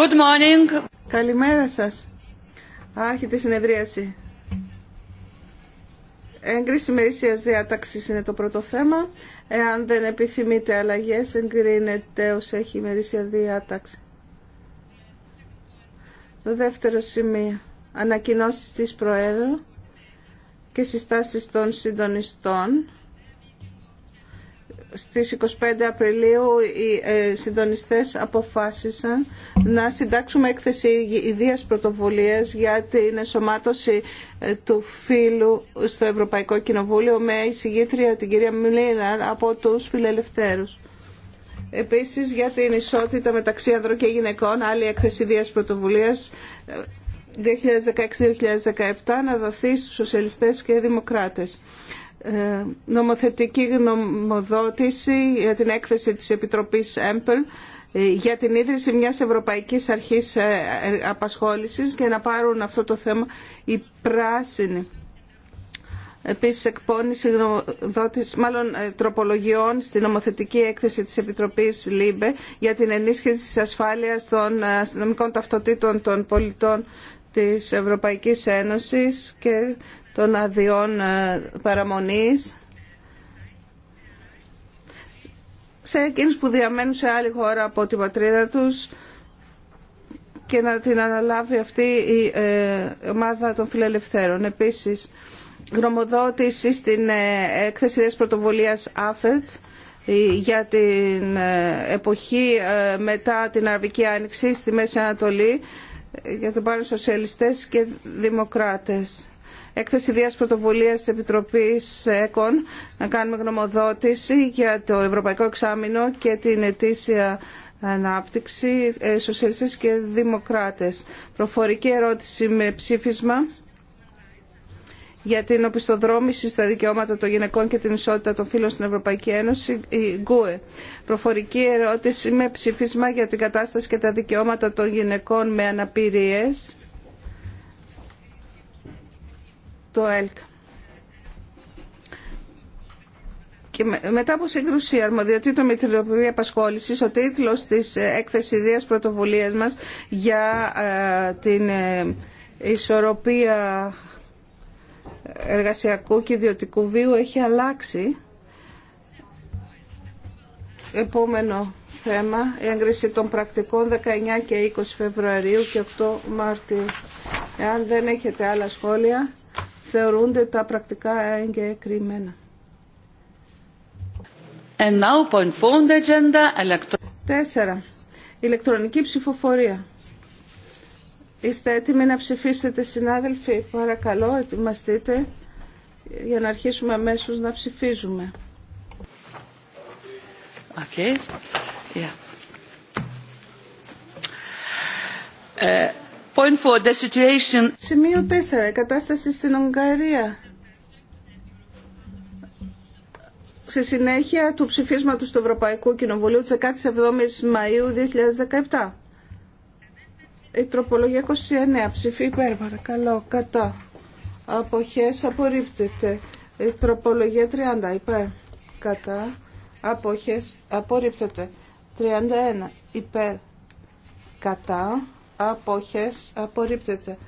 Good morning. Καλημέρα σας. Άρχεται η συνεδρίαση. Έγκριση μερίσια διάταξη είναι το πρώτο θέμα. Εάν δεν επιθυμείτε αλλαγέ, εγκρίνεται όσο έχει ημερήσια διάταξη. Το δεύτερο σημείο. Ανακοινώσει της Προέδρου και συστάσει των συντονιστών στις 25 Απριλίου οι ε, συντονιστές αποφάσισαν να συντάξουμε έκθεση ιδίας πρωτοβουλίας για την εσωμάτωση ε, του φίλου στο Ευρωπαϊκό Κοινοβούλιο με εισηγήτρια την κυρία Μιλίναρ από τους φιλελευθέρους. Επίσης για την ισότητα μεταξύ ανδρών και γυναικών, άλλη έκθεση ιδίας πρωτοβουλίας ε, 2016-2017 να δοθεί στους σοσιαλιστές και δημοκράτες. Ε, νομοθετική γνωμοδότηση για την έκθεση της Επιτροπής ΕΜΠΕΛ ε, για την ίδρυση μιας Ευρωπαϊκής Αρχής ε, Απασχόλησης και να πάρουν αυτό το θέμα οι πράσινοι. Επίσης εκπώνηση μάλλον τροπολογιών στην νομοθετική έκθεση της Επιτροπής ΛΥΜΠΕ για την ενίσχυση της ασφάλειας των αστυνομικών ταυτοτήτων των πολιτών της Ευρωπαϊκής Ένωσης και των αδειών ε, παραμονής σε εκείνους που διαμένουν σε άλλη χώρα από την πατρίδα τους και να την αναλάβει αυτή η ε, ομάδα των φιλελευθέρων. Επίσης, γνωμοδότηση στην ε, έκθεση της πρωτοβουλίας ΑΦΕΤ για την εποχή μετά την Αραβική Άνοιξη στη Μέση Ανατολή για τον πάνω σοσιαλιστές και δημοκράτες έκθεση δίας πρωτοβουλίας της Επιτροπής ΕΚΟΝ να κάνουμε γνωμοδότηση για το Ευρωπαϊκό Εξάμεινο και την ετήσια ανάπτυξη ε, σοσιαλιστές και δημοκράτες. Προφορική ερώτηση με ψήφισμα για την οπισθοδρόμηση στα δικαιώματα των γυναικών και την ισότητα των φύλων στην Ευρωπαϊκή Ένωση, η ΓΚΟΕ. Προφορική ερώτηση με ψήφισμα για την κατάσταση και τα δικαιώματα των γυναικών με αναπηρίες το ΕΛΚ. Και μετά από σύγκρουση αρμοδιοτήτων με την Επιτροπή Απασχόληση, ο τίτλο τη ε, έκθεση ιδέα πρωτοβουλία μα για ε, την ε, ισορροπία εργασιακού και ιδιωτικού βίου έχει αλλάξει. Επόμενο θέμα, η έγκριση των πρακτικών 19 και 20 Φεβρουαρίου και 8 Μάρτιου. Εάν δεν έχετε άλλα σχόλια, θεωρούνται τα πρακτικά εγκεκριμένα. And Τέσσερα. Ηλεκτρονική ψηφοφορία. Είστε έτοιμοι να ψηφίσετε συνάδελφοι. Παρακαλώ, ετοιμαστείτε για να αρχίσουμε αμέσω να ψηφίζουμε. Okay. Yeah. Uh... Σημείο 4. Η κατάσταση στην Ουγγαρία. Σε συνέχεια του ψηφίσματος του Ευρωπαϊκού Κοινοβουλίου τη 17 7η Μαΐου 2017. Η τροπολογία 29. Ψηφί υπέρ παρακαλώ. Κατά. Αποχέ, απορρίπτεται. Η τροπολογία 30. Υπέρ. Κατά. Αποχές απορρίπτεται. 31. Υπέρ. Κατά αποχές απορρίπτεται.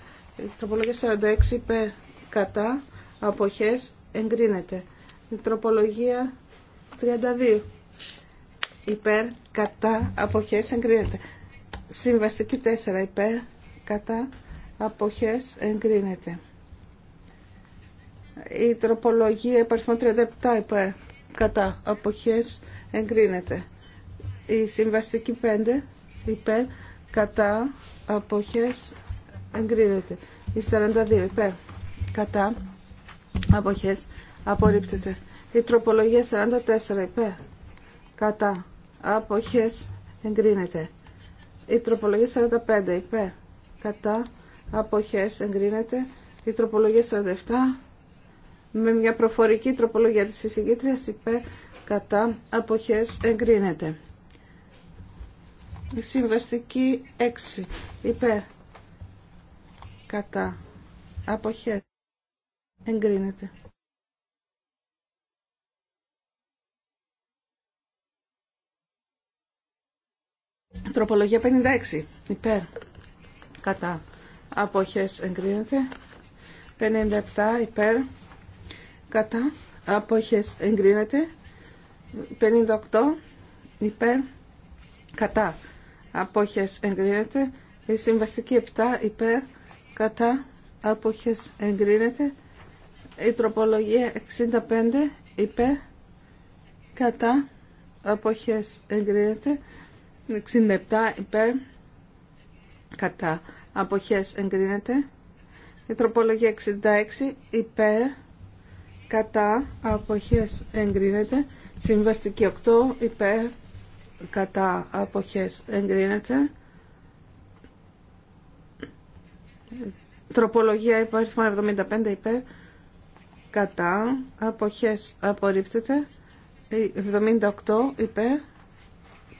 Τροπολογία 46 υπέρ κατά αποχές εγκρίνεται. Τροπολογία 32 υπέρ κατά αποχές εγκρίνεται. Συμβαστική 4 υπέρ κατά αποχές εγκρίνεται. Η τροπολογία 37 υπέρ κατά αποχές εγκρίνεται. Η συμβαστική 5 υπέρ κατά αποχές εγκρίνεται. Η 42 υπέρ κατά αποχές απορρίπτεται. Η τροπολογία 44 υπέρ κατά αποχές εγκρίνεται. Η τροπολογία 45 υπέρ κατά αποχές εγκρίνεται. Η τροπολογία 47 με μια προφορική τροπολογία της εισηγήτριας υπέρ κατά αποχές εγκρίνεται. Συμβαστική 6. Υπέρ. Κατά. απόχέ, Εγκρίνεται. Τροπολογία 56. Υπέρ. Κατά. Αποχές εγκρίνεται. 57. Υπέρ. Κατά. Αποχές εγκρίνεται. 58. Υπέρ. Κατά απόχες εγκρίνεται. Η συμβαστική 7 υπέρ κατά απόχες εγκρίνεται. Η τροπολογία 65 υπέρ κατά απόχες εγκρίνεται. 67 υπέρ κατά απόχες εγκρίνεται. Η τροπολογία 66 υπέρ κατά αποχές εγκρίνεται. Συμβαστική 8 υπέρ κατά αποχές εγκρίνεται. Τροπολογία υπάρχει 75 υπέρ κατά αποχές απορρίπτεται. 78 υπέρ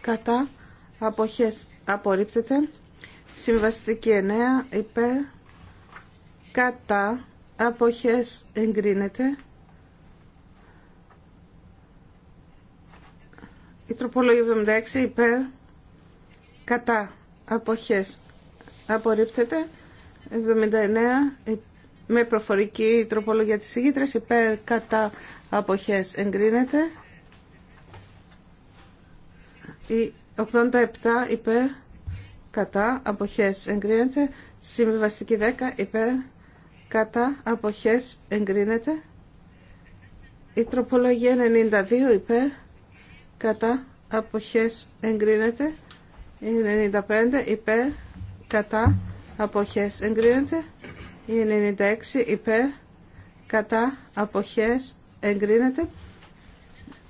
κατά αποχές απορρίπτεται. Συμβαστική 9 υπέρ κατά αποχές εγκρίνεται. Η τροπολογία 76 υπέρ κατά αποχές απορρίπτεται. 79 ε, με προφορική τροπολογία της ηγήτρας υπέρ κατά αποχές εγκρίνεται. Η 87 υπέρ κατά αποχές εγκρίνεται. Συμβιβαστική 10 υπέρ κατά αποχές εγκρίνεται. Η τροπολογία 92 υπέρ κατά αποχές εγκρίνεται 95 υπέρ κατά αποχές εγκρίνεται 96 υπέρ κατά αποχές εγκρίνεται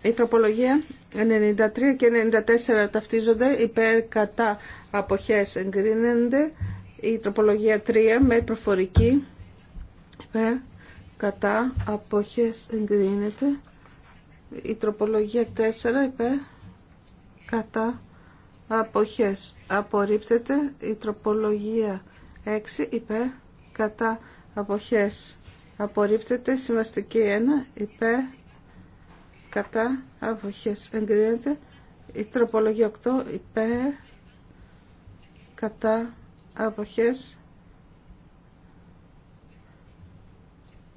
η τροπολογία 93 και 94 ταυτίζονται υπέρ κατά αποχές εγκρίνεται η τροπολογία 3 με προφορική υπέρ κατά αποχές εγκρίνεται η τροπολογία 4 είπε, κατά αποχές απορρίπτεται. Η τροπολογία 6 είπε, κατά αποχές απορρίπτεται. Συμβαστική 1 είπε, κατά αποχές εγκρίνεται. Η τροπολογία 8 είπε, κατά αποχές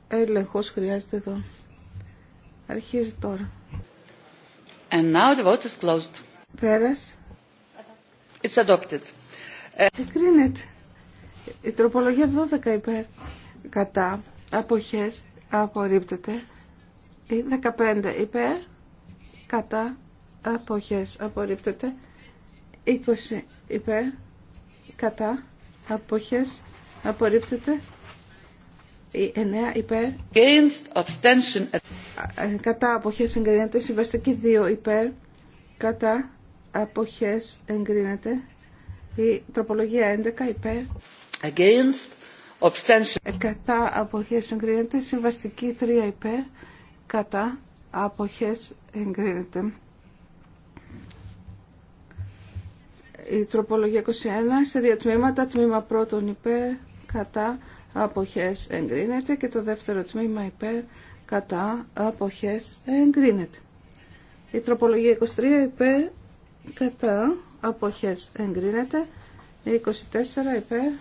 έλεγχος χρειάζεται εδώ. Αρχίζει τώρα. And now the vote is Πέρας. It's adopted. Ε, Η τροπολογία 12 υπέρ. Κατά. Αποχές. Απορρίπτεται. 15 υπέρ. Κατά. Αποχές. Απορρίπτεται. 20 υπέρ. Κατά. Αποχές. Απορρίπτεται. 9 υπέρ. Ε, κατά αποχές εγκρίνεται. Συμβαστική 2 υπέρ. Κατά αποχές εγκρίνεται. Η τροπολογία 11 υπέρ. Against abstention. Ε, κατά αποχές εγκρίνεται. Συμβαστική 3 υπέρ. Κατά αποχές εγκρίνεται. Η τροπολογία 21 σε διατμήματα, τμήμα πρώτον υπέρ, κατά, αποχές εγκρίνεται και το δεύτερο τμήμα υπέρ κατά αποχές εγκρίνεται. Η τροπολογία 23 υπέρ κατά αποχές εγκρίνεται. Η 24 υπέρ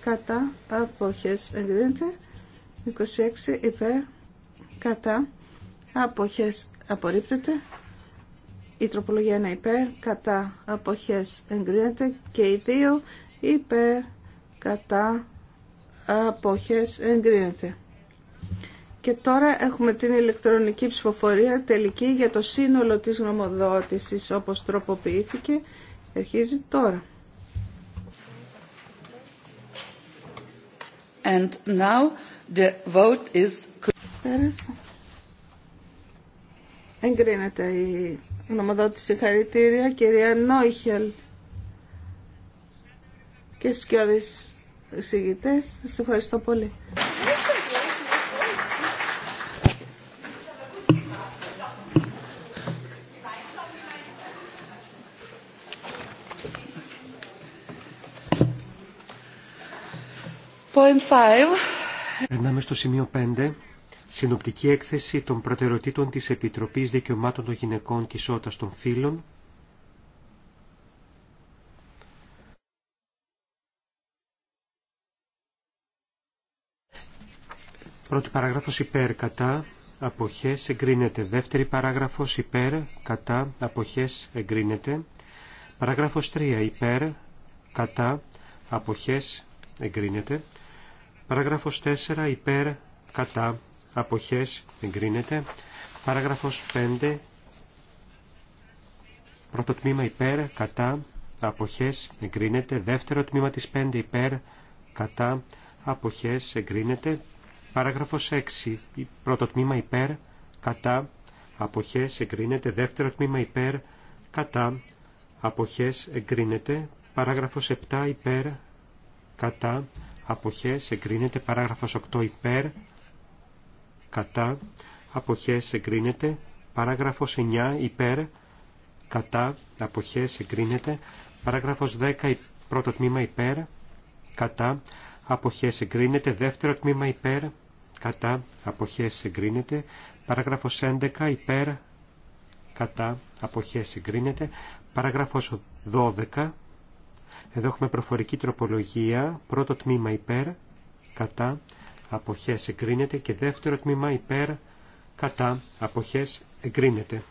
κατά αποχές εγκρίνεται. 26 υπέρ κατά αποχές απορρίπτεται. Η τροπολογία 1 υπέρ κατά αποχές εγκρίνεται και οι 2 υπέρ κατά αποχές εγκρίνεται. Και τώρα έχουμε την ηλεκτρονική ψηφοφορία τελική για το σύνολο της γνωμοδότησης όπως τροποποιήθηκε. Αρχίζει τώρα. And now the vote is... Εγκρίνεται η γνωμοδότηση χαρητήρια κυρία Νόιχελ και σκιώδης συγγητέ. σα ευχαριστώ πολύ. Περνάμε στο σημείο 5. Συνοπτική έκθεση των προτεραιοτήτων της Επιτροπής Δικαιωμάτων των Γυναικών και Ισότητας των φίλων. Πρώτη παράγραφος υπέρ κατά αποχές εγκρίνεται. Δεύτερη παράγραφος υπέρ κατά αποχές εγκρίνεται. Παράγραφος 3 υπέρ κατά αποχές εγκρίνεται. Παράγραφος 4 υπέρ κατά αποχές εγκρίνεται. Παράγραφος 5 Πρώτο τμήμα υπέρ, κατά, αποχές, εγκρίνεται. Δεύτερο τμήμα της 5 υπέρ, κατά, αποχές, εγκρίνεται. Παράγραφος 6. Πρώτο τμήμα υπέρ, κατά, αποχές εγκρίνεται. Δεύτερο τμήμα υπέρ, κατά, αποχές εγκρίνεται. Παράγραφος 7 υπέρ, κατά, αποχές εγκρίνεται. Παράγραφος 8 υπέρ, κατά, αποχές εγκρίνεται. Παράγραφος 9 υπέρ, κατά, αποχές εγκρίνεται. Παράγραφος 10 πρώτο τμήμα υπέρ, κατά, αποχές εγκρίνεται. Δεύτερο τμήμα υπέρ, κατά, αποχές εγκρίνεται. Παράγραφος 11 υπέρ, κατά, αποχές εγκρίνεται. Παράγραφος 12, εδώ έχουμε προφορική τροπολογία, πρώτο τμήμα υπέρ, κατά, αποχές εγκρίνεται και δεύτερο τμήμα υπέρ, κατά, αποχές εγκρίνεται.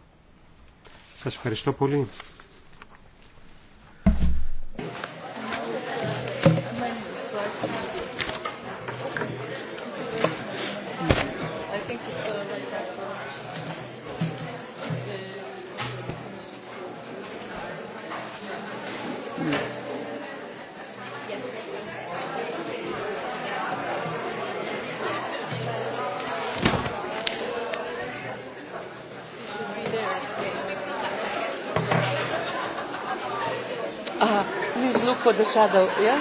Σας ευχαριστώ πολύ. for the shadow, yeah?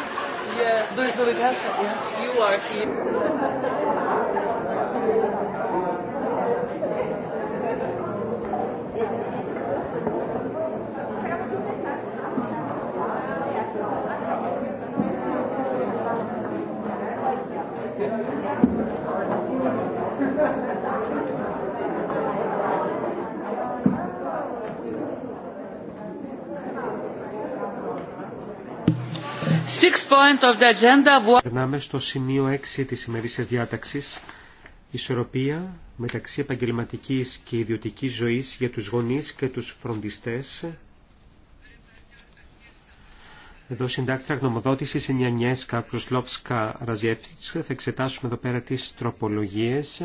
Yes. Do, do it, yeah? You are here. Περνάμε στο σημείο 6 της ημερήσιας διάταξης. Ισορροπία μεταξύ επαγγελματικής και ιδιωτικής ζωής για τους γονείς και τους φροντιστές. Εδώ συντάκτρια γνωμοδότησης είναι η Ανιέσκα Κρουσλόφσκα Θα εξετάσουμε εδώ πέρα τις τροπολογίες.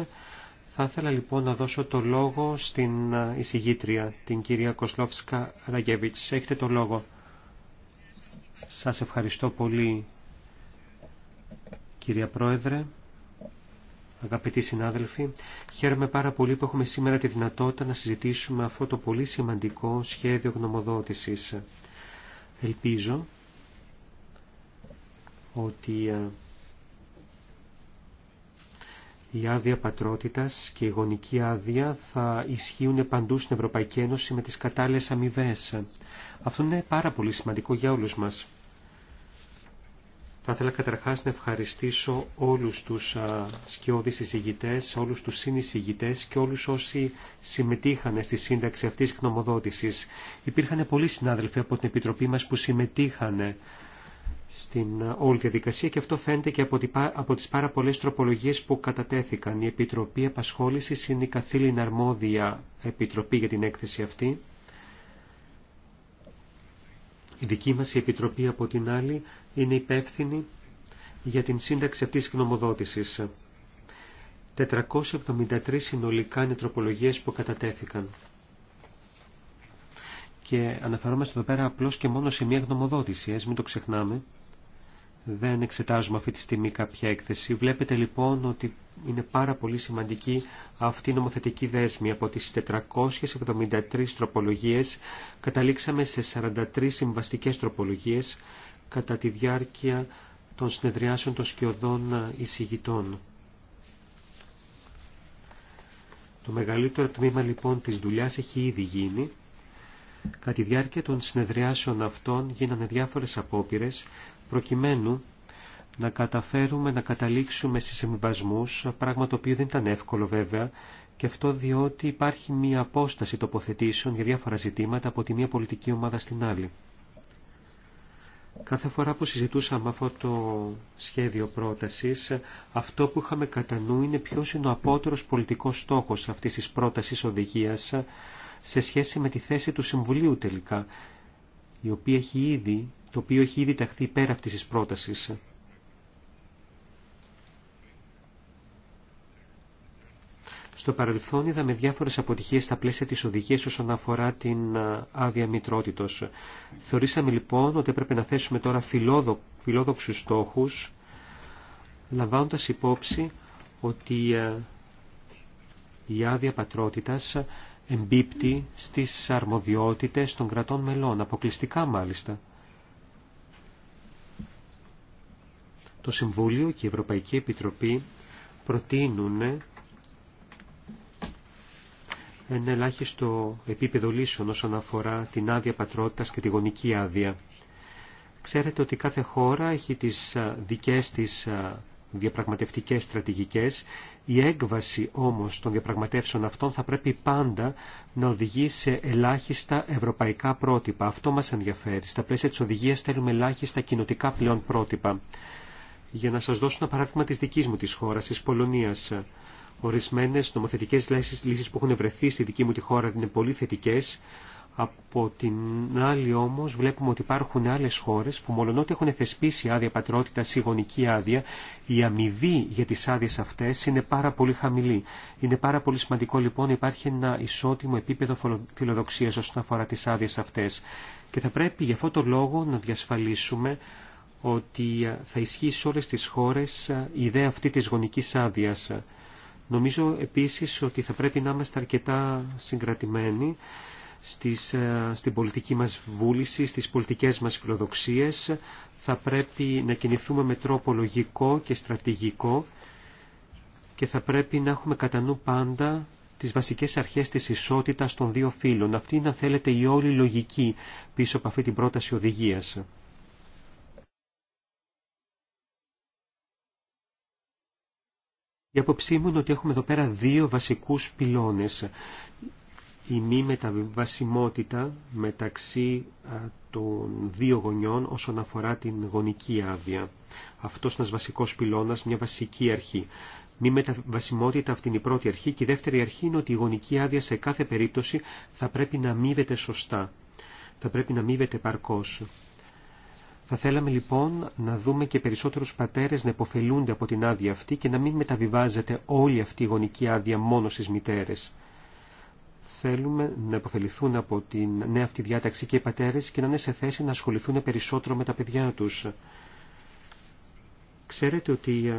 Θα ήθελα λοιπόν να δώσω το λόγο στην εισηγήτρια, την κυρία Κοσλόφσκα Ραγεβίτς. Έχετε το λόγο. Σας ευχαριστώ πολύ κυρία Πρόεδρε, αγαπητοί συνάδελφοι. Χαίρομαι πάρα πολύ που έχουμε σήμερα τη δυνατότητα να συζητήσουμε αυτό το πολύ σημαντικό σχέδιο γνωμοδότησης. Ελπίζω ότι ε, η άδεια πατρότητας και η γονική άδεια θα ισχύουν παντού στην Ευρωπαϊκή Ένωση με τις κατάλληλες αμοιβέ. Αυτό είναι πάρα πολύ σημαντικό για όλους μας. Θα ήθελα καταρχάς να ευχαριστήσω όλους τους σκιώδεις εισηγητές, όλους τους συνεισηγητές και όλους όσοι συμμετείχαν στη σύνταξη αυτής της γνωμοδότησης. Υπήρχαν πολλοί συνάδελφοι από την Επιτροπή μας που συμμετείχαν στην όλη διαδικασία και αυτό φαίνεται και από τις πάρα πολλές τροπολογίες που κατατέθηκαν. Η Επιτροπή Απασχόλησης είναι η καθήλυνα αρμόδια επιτροπή για την έκθεση αυτή. Η δική μας η Επιτροπή από την άλλη είναι υπεύθυνη για την σύνταξη αυτής της γνωμοδότησης. 473 συνολικά είναι που κατατέθηκαν. Και αναφερόμαστε εδώ πέρα απλώς και μόνο σε μία γνωμοδότηση, έτσι μην το ξεχνάμε δεν εξετάζουμε αυτή τη στιγμή κάποια έκθεση. Βλέπετε λοιπόν ότι είναι πάρα πολύ σημαντική αυτή η νομοθετική δέσμη. Από τις 473 τροπολογίες καταλήξαμε σε 43 συμβαστικές τροπολογίες κατά τη διάρκεια των συνεδριάσεων των σκιωδών εισηγητών. Το μεγαλύτερο τμήμα λοιπόν της δουλειάς έχει ήδη γίνει. Κατά τη διάρκεια των συνεδριάσεων αυτών γίνανε διάφορες απόπειρες προκειμένου να καταφέρουμε να καταλήξουμε σε συμβασμούς, πράγμα το οποίο δεν ήταν εύκολο βέβαια, και αυτό διότι υπάρχει μία απόσταση τοποθετήσεων για διάφορα ζητήματα από τη μία πολιτική ομάδα στην άλλη. Κάθε φορά που συζητούσαμε αυτό το σχέδιο πρότασης, αυτό που είχαμε κατά νου είναι ποιος είναι ο απότερος πολιτικός στόχος αυτής της πρότασης οδηγίας σε σχέση με τη θέση του Συμβουλίου τελικά, η οποία έχει ήδη το οποίο έχει ήδη ταχθεί πέρα αυτή τη πρόταση. Στο παρελθόν είδαμε διάφορες αποτυχίες στα πλαίσια της οδηγίας όσον αφορά την άδεια μητρότητος. Θεωρήσαμε λοιπόν ότι έπρεπε να θέσουμε τώρα φιλόδο, φιλόδοξους στόχους, υπόψη ότι η άδεια πατρότητα εμπίπτει στις αρμοδιότητες των κρατών μελών, αποκλειστικά μάλιστα. Το Συμβούλιο και η Ευρωπαϊκή Επιτροπή προτείνουν ένα ελάχιστο επίπεδο λύσεων όσον αφορά την άδεια πατρότητας και τη γονική άδεια. Ξέρετε ότι κάθε χώρα έχει τις δικές της διαπραγματευτικές στρατηγικές. Η έκβαση όμως των διαπραγματεύσεων αυτών θα πρέπει πάντα να οδηγεί σε ελάχιστα ευρωπαϊκά πρότυπα. Αυτό μας ενδιαφέρει. Στα πλαίσια της οδηγίας θέλουμε ελάχιστα κοινοτικά πλέον πρότυπα. Για να σας δώσω ένα παράδειγμα της δικής μου της χώρας, της Πολωνίας. Ορισμένες νομοθετικές λύσεις που έχουν βρεθεί στη δική μου τη χώρα είναι πολύ θετικές. Από την άλλη όμως βλέπουμε ότι υπάρχουν άλλες χώρες που μολονότι έχουν θεσπίσει άδεια πατρότητα ή γονική άδεια, η αμοιβή για τις άδειε αυτές είναι πάρα πολύ χαμηλή. Είναι πάρα πολύ σημαντικό λοιπόν να υπάρχει ένα ισότιμο επίπεδο φιλοδοξίας όσον αφορά τις άδειε αυτές. Και θα πρέπει γι' αυτό το λόγο να διασφαλίσουμε ότι ε, θα ισχύει σε όλες τις χώρες ε, η ιδέα αυτή της γονικής άδειας. Νομίζω επίσης ότι θα πρέπει να είμαστε αρκετά συγκρατημένοι στις, ε, στην πολιτική μας βούληση, στις πολιτικές μας φιλοδοξίες. Θα πρέπει να κινηθούμε με τρόπο λογικό και στρατηγικό και θα πρέπει να έχουμε κατά νου πάντα τις βασικές αρχές της ισότητας των δύο φύλων. Αυτή είναι, αν θέλετε, η όλη λογική πίσω από αυτή την πρόταση οδηγίας. Η αποψή μου είναι ότι έχουμε εδώ πέρα δύο βασικούς πυλώνες. Η μη μεταβασιμότητα μεταξύ των δύο γονιών όσον αφορά την γονική άδεια. Αυτός είναι ένας βασικός πυλώνας, μια βασική αρχή. Μη μεταβασιμότητα αυτή είναι η πρώτη αρχή και η δεύτερη αρχή είναι ότι η γονική άδεια σε κάθε περίπτωση θα πρέπει να αμείβεται σωστά. Θα πρέπει να αμείβεται παρκώς. Θα θέλαμε λοιπόν να δούμε και περισσότερους πατέρες να υποφελούνται από την άδεια αυτή και να μην μεταβιβάζεται όλη αυτή η γονική άδεια μόνο στι μητέρε. Θέλουμε να υποφεληθούν από την νέα αυτή διάταξη και οι πατέρες και να είναι σε θέση να ασχοληθούν περισσότερο με τα παιδιά τους. Ξέρετε ότι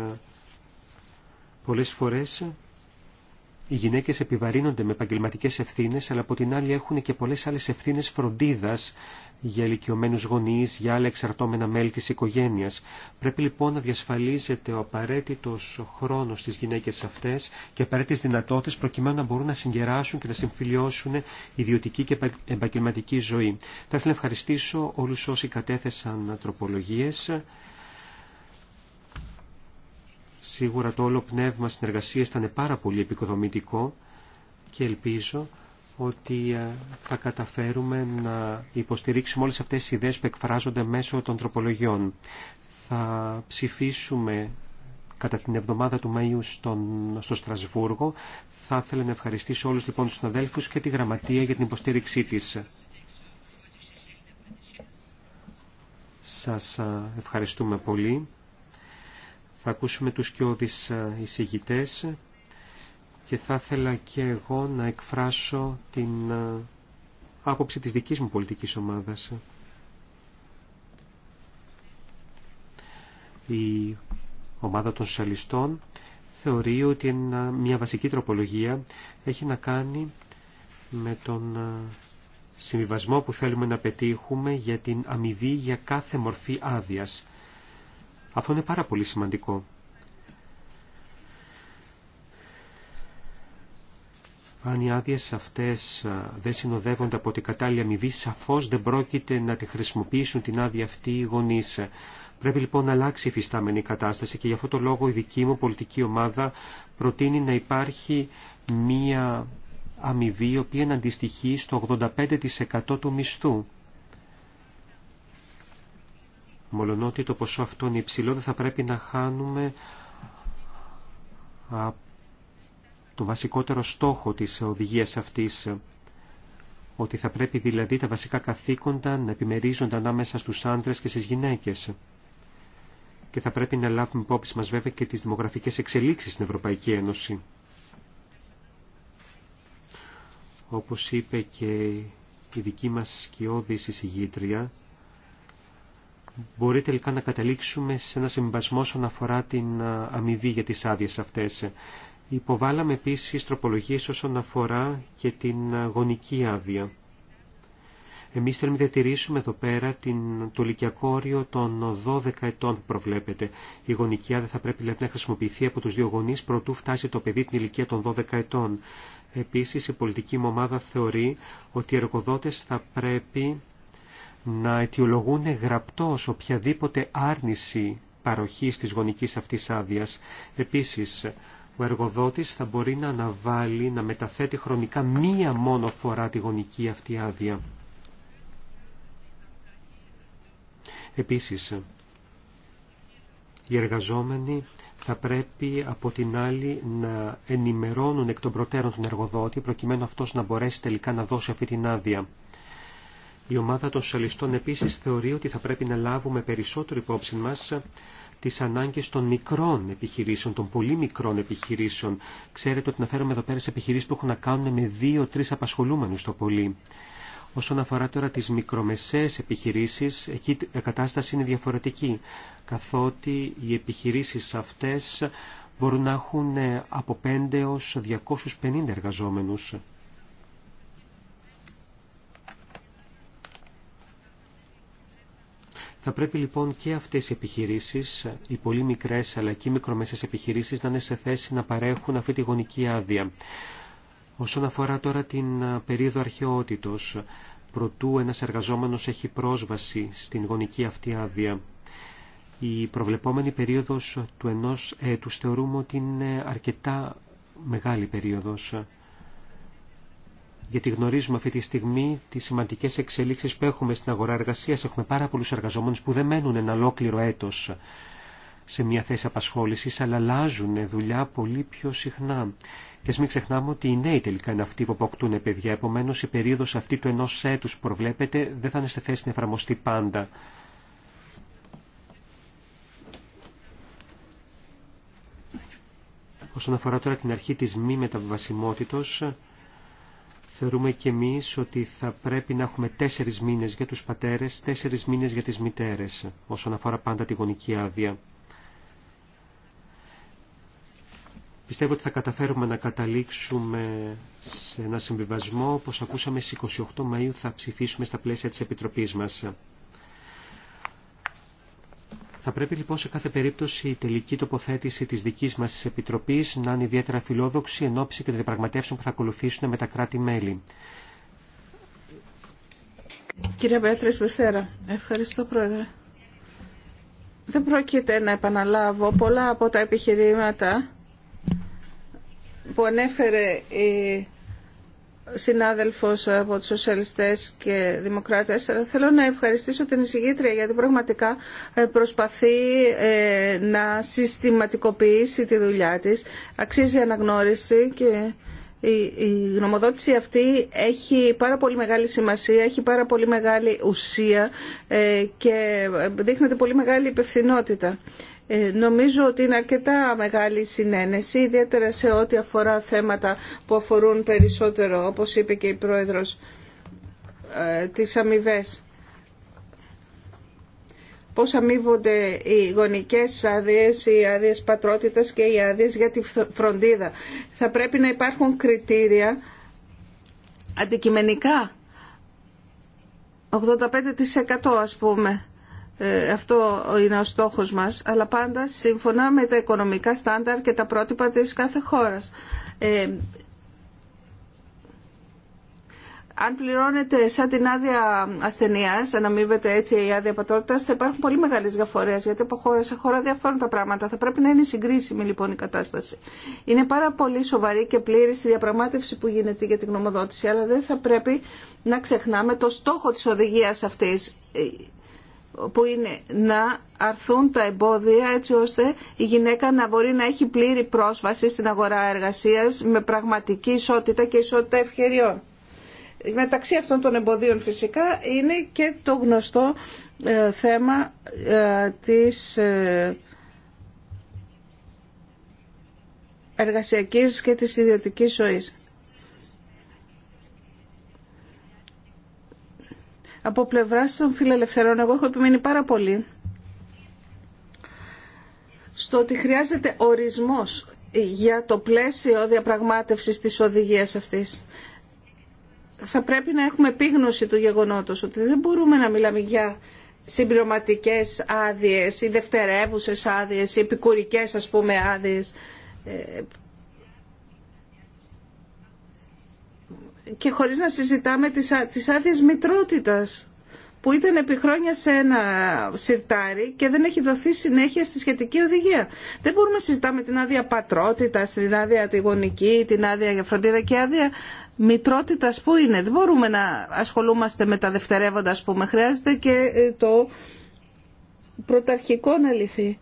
πολλέ φορέ οι γυναίκε επιβαρύνονται με επαγγελματικέ ευθύνε, αλλά από την άλλη έχουν και πολλέ άλλε ευθύνε φροντίδα για ηλικιωμένου γονεί, για άλλα εξαρτώμενα μέλη τη οικογένεια. Πρέπει λοιπόν να διασφαλίζεται ο απαραίτητο χρόνο στι γυναίκε αυτέ και απαραίτητε δυνατότητε προκειμένου να μπορούν να συγκεράσουν και να συμφιλιώσουν ιδιωτική και επαγγελματική ζωή. Θα ήθελα να ευχαριστήσω όλου όσοι κατέθεσαν τροπολογίε. Σίγουρα το όλο πνεύμα συνεργασία ήταν πάρα πολύ επικοδομητικό και ελπίζω ότι ε, θα καταφέρουμε να υποστηρίξουμε όλες αυτές τις ιδέες που εκφράζονται μέσω των τροπολογιών. Θα ψηφίσουμε κατά την εβδομάδα του Μαΐου στον, στο Στρασβούργο. Θα ήθελα να ευχαριστήσω όλους λοιπόν τους συναδέλφους και τη Γραμματεία για την υποστήριξή της. Σας ε, ευχαριστούμε πολύ. Θα ακούσουμε τους κοιόδης ε, εισηγητές και θα ήθελα και εγώ να εκφράσω την ε, άποψη της δικής μου πολιτικής ομάδας. Η ομάδα των σοσιαλιστών θεωρεί ότι μια βασική τροπολογία έχει να κάνει με τον ε, συμβιβασμό που θέλουμε να πετύχουμε για την αμοιβή για κάθε μορφή άδειας. Αυτό είναι πάρα πολύ σημαντικό. Αν οι άδειε αυτέ δεν συνοδεύονται από την κατάλληλη αμοιβή, σαφώ δεν πρόκειται να τη χρησιμοποιήσουν την άδεια αυτή οι γονεί. Πρέπει λοιπόν να αλλάξει η φυστάμενη κατάσταση και γι' αυτό το λόγο η δική μου πολιτική ομάδα προτείνει να υπάρχει μία αμοιβή η οποία να αντιστοιχεί στο 85% του μισθού. Μολονότι το ποσό αυτό είναι υψηλό, δεν θα πρέπει να χάνουμε από το βασικότερο στόχο της οδηγίας αυτής, ότι θα πρέπει δηλαδή τα βασικά καθήκοντα να επιμερίζονται ανάμεσα στους άντρες και στις γυναίκες. Και θα πρέπει να λάβουμε υπόψη μας βέβαια και τις δημογραφικές εξελίξεις στην Ευρωπαϊκή Ένωση. Όπως είπε και η δική μας σκιώδη συγγήτρια, μπορεί τελικά να καταλήξουμε σε ένα συμβασμό όσον αφορά την ε, αμοιβή για τις άδειε αυτές. Υποβάλαμε επίσης τροπολογίες όσον αφορά και την γονική άδεια. Εμείς θέλουμε να διατηρήσουμε εδώ πέρα την, το ηλικιακό όριο των 12 ετών που προβλέπεται. Η γονική άδεια θα πρέπει δηλαδή να χρησιμοποιηθεί από τους δύο γονείς προτού φτάσει το παιδί την ηλικία των 12 ετών. Επίσης η πολιτική μου ομάδα θεωρεί ότι οι εργοδότες θα πρέπει να αιτιολογούν γραπτός οποιαδήποτε άρνηση παροχής της γονικής αυτής άδειας. Επίσης, ο εργοδότης θα μπορεί να αναβάλει, να μεταθέτει χρονικά μία μόνο φορά τη γονική αυτή άδεια. Επίσης, οι εργαζόμενοι θα πρέπει από την άλλη να ενημερώνουν εκ των προτέρων τον εργοδότη προκειμένου αυτός να μπορέσει τελικά να δώσει αυτή την άδεια. Η ομάδα των σοσιαλιστών επίσης θεωρεί ότι θα πρέπει να λάβουμε περισσότερο υπόψη μας τις ανάγκες των μικρών επιχειρήσεων, των πολύ μικρών επιχειρήσεων. Ξέρετε ότι αναφέρομαι εδώ πέρα σε επιχειρήσεις που έχουν να κάνουν με δύο-τρεις απασχολούμενους το πολύ. Όσον αφορά τώρα τις μικρομεσαίες επιχειρήσεις, εκεί η κατάσταση είναι διαφορετική, καθότι οι επιχειρήσεις αυτές μπορούν να έχουν ε, από 5 έως 250 εργαζόμενους. Θα πρέπει λοιπόν και αυτές οι επιχειρήσεις, οι πολύ μικρές αλλά και οι μικρομεσαίες επιχειρήσεις, να είναι σε θέση να παρέχουν αυτή τη γονική άδεια. Όσον αφορά τώρα την περίοδο αρχαιότητος, προτού ένας εργαζόμενος έχει πρόσβαση στην γονική αυτή άδεια, η προβλεπόμενη περίοδος του ενός έτους θεωρούμε ότι είναι αρκετά μεγάλη περίοδος γιατί γνωρίζουμε αυτή τη στιγμή τι σημαντικέ εξελίξει που έχουμε στην αγορά εργασία. Έχουμε πάρα πολλού εργαζόμενου που δεν μένουν ένα ολόκληρο έτο σε μια θέση απασχόληση, αλλά αλλάζουν δουλειά πολύ πιο συχνά. Και α μην ξεχνάμε ότι οι νέοι τελικά είναι αυτοί που αποκτούν παιδιά. Επομένω, η περίοδο αυτή του ενό έτου που προβλέπεται δεν θα είναι σε θέση να εφαρμοστεί πάντα. Όσον αφορά τώρα την αρχή της μη μεταβασιμότητος, Θεωρούμε και εμείς ότι θα πρέπει να έχουμε τέσσερις μήνες για τους πατέρες, τέσσερις μήνες για τις μητέρες, όσον αφορά πάντα τη γονική άδεια. Πιστεύω ότι θα καταφέρουμε να καταλήξουμε σε ένα συμβιβασμό, όπως ακούσαμε στις 28 Μαΐου θα ψηφίσουμε στα πλαίσια της Επιτροπής μας. Θα πρέπει λοιπόν σε κάθε περίπτωση η τελική τοποθέτηση της δικής μας Επιτροπής να είναι ιδιαίτερα φιλόδοξη εν και των διαπραγματεύσεων που θα ακολουθήσουν με τα κράτη-μέλη. Κύριε Πέτρης Βεστέρα, ευχαριστώ Πρόεδρε. Δεν πρόκειται να επαναλάβω πολλά από τα επιχειρήματα που ανέφερε η συνάδελφος από τους σοσιαλιστές και δημοκράτες. Θέλω να ευχαριστήσω την εισηγήτρια γιατί πραγματικά ε, προσπαθεί ε, να συστηματικοποιήσει τη δουλειά της. Αξίζει αναγνώριση και η γνωμοδότηση αυτή έχει πάρα πολύ μεγάλη σημασία, έχει πάρα πολύ μεγάλη ουσία ε, και δείχνεται πολύ μεγάλη υπευθυνότητα. Ε, νομίζω ότι είναι αρκετά μεγάλη συνένεση, ιδιαίτερα σε ό,τι αφορά θέματα που αφορούν περισσότερο, όπως είπε και η Πρόεδρος, ε, τις αμοιβέ. Πώς αμείβονται οι γονικές άδειες, οι άδειες πατρότητας και οι άδειες για τη φροντίδα. Θα πρέπει να υπάρχουν κριτήρια αντικειμενικά, 85% ας πούμε ε, αυτό είναι ο στόχος μας, αλλά πάντα σύμφωνα με τα οικονομικά στάνταρ και τα πρότυπα της κάθε χώρας. Ε, αν πληρώνεται σαν την άδεια αν αμείβεται έτσι η άδεια πατρότητα, θα υπάρχουν πολύ μεγάλες διαφορέ. Γιατί από χώρα σε χώρα διαφέρουν τα πράγματα. Θα πρέπει να είναι συγκρίσιμη λοιπόν η κατάσταση. Είναι πάρα πολύ σοβαρή και πλήρη η διαπραγμάτευση που γίνεται για την γνωμοδότηση, αλλά δεν θα πρέπει να ξεχνάμε το στόχο της οδηγία αυτής ε, που είναι να αρθούν τα εμπόδια έτσι ώστε η γυναίκα να μπορεί να έχει πλήρη πρόσβαση στην αγορά εργασίας με πραγματική ισότητα και ισότητα ευκαιριών. Μεταξύ αυτών των εμποδίων φυσικά είναι και το γνωστό ε, θέμα ε, της ε, εργασιακής και της ιδιωτικής ζωής. Από πλευρά των φιλελευθερών, εγώ έχω επιμείνει πάρα πολύ στο ότι χρειάζεται ορισμός για το πλαίσιο διαπραγμάτευσης της οδηγίας αυτής. Θα πρέπει να έχουμε επίγνωση του γεγονότος ότι δεν μπορούμε να μιλάμε για συμπληρωματικές άδειες ή δευτερεύουσες άδειες ή επικουρικές ας πούμε άδειες ε, και χωρίς να συζητάμε τις, τις άδειες μητρότητας που ήταν επί χρόνια σε ένα σιρτάρι και δεν έχει δοθεί συνέχεια στη σχετική οδηγία. Δεν μπορούμε να συζητάμε την άδεια πατρότητα, την άδεια τη γονική, την άδεια για φροντίδα και άδεια μητρότητα που είναι. Δεν μπορούμε να ασχολούμαστε με τα δευτερεύοντα, α πούμε. Χρειάζεται και ε, το πρωταρχικό να λυθεί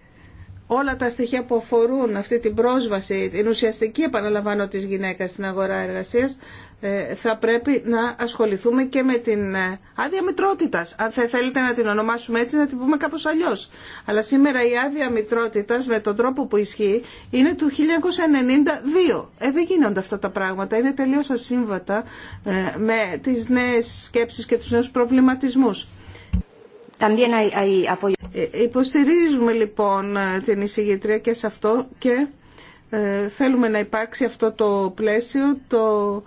όλα τα στοιχεία που αφορούν αυτή την πρόσβαση, την ουσιαστική επαναλαμβάνω της γυναίκας στην αγορά εργασίας, ε, θα πρέπει να ασχοληθούμε και με την ε, άδεια μητρότητας. Αν θέλετε να την ονομάσουμε έτσι, να την πούμε κάπως αλλιώς. Αλλά σήμερα η άδεια μητρότητας με τον τρόπο που ισχύει είναι του 1992. Ε, δεν γίνονται αυτά τα πράγματα. Είναι τελείως ασύμβατα ε, με τις νέες σκέψεις και τους νέους προβληματισμούς. Υποστηρίζουμε λοιπόν την εισηγητρία και σε αυτό και ε, θέλουμε να υπάρξει αυτό το πλαίσιο, το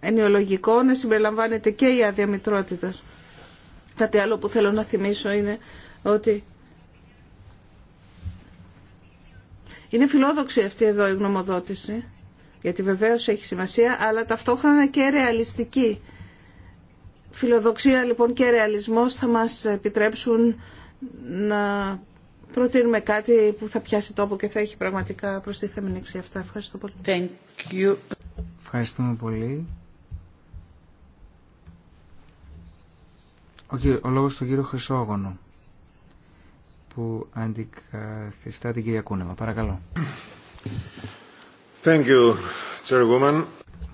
ενοιολογικό να συμπεριλαμβάνεται και η αδιαμητρότητα. Κάτι άλλο που θέλω να θυμίσω είναι ότι είναι φιλόδοξη αυτή εδώ η γνωμοδότηση, γιατί βεβαίως έχει σημασία, αλλά ταυτόχρονα και ρεαλιστική. Φιλοδοξία λοιπόν και ρεαλισμός θα μας επιτρέψουν να προτείνουμε κάτι που θα πιάσει τόπο και θα έχει πραγματικά προστιθέμενη αξία αυτά. Ευχαριστώ πολύ. Thank you. Ευχαριστούμε πολύ. Ο, λόγο ο λόγος του κύριο Χρυσόγωνο που αντικαθιστά την κυρία Κούνεμα. Παρακαλώ. Thank you,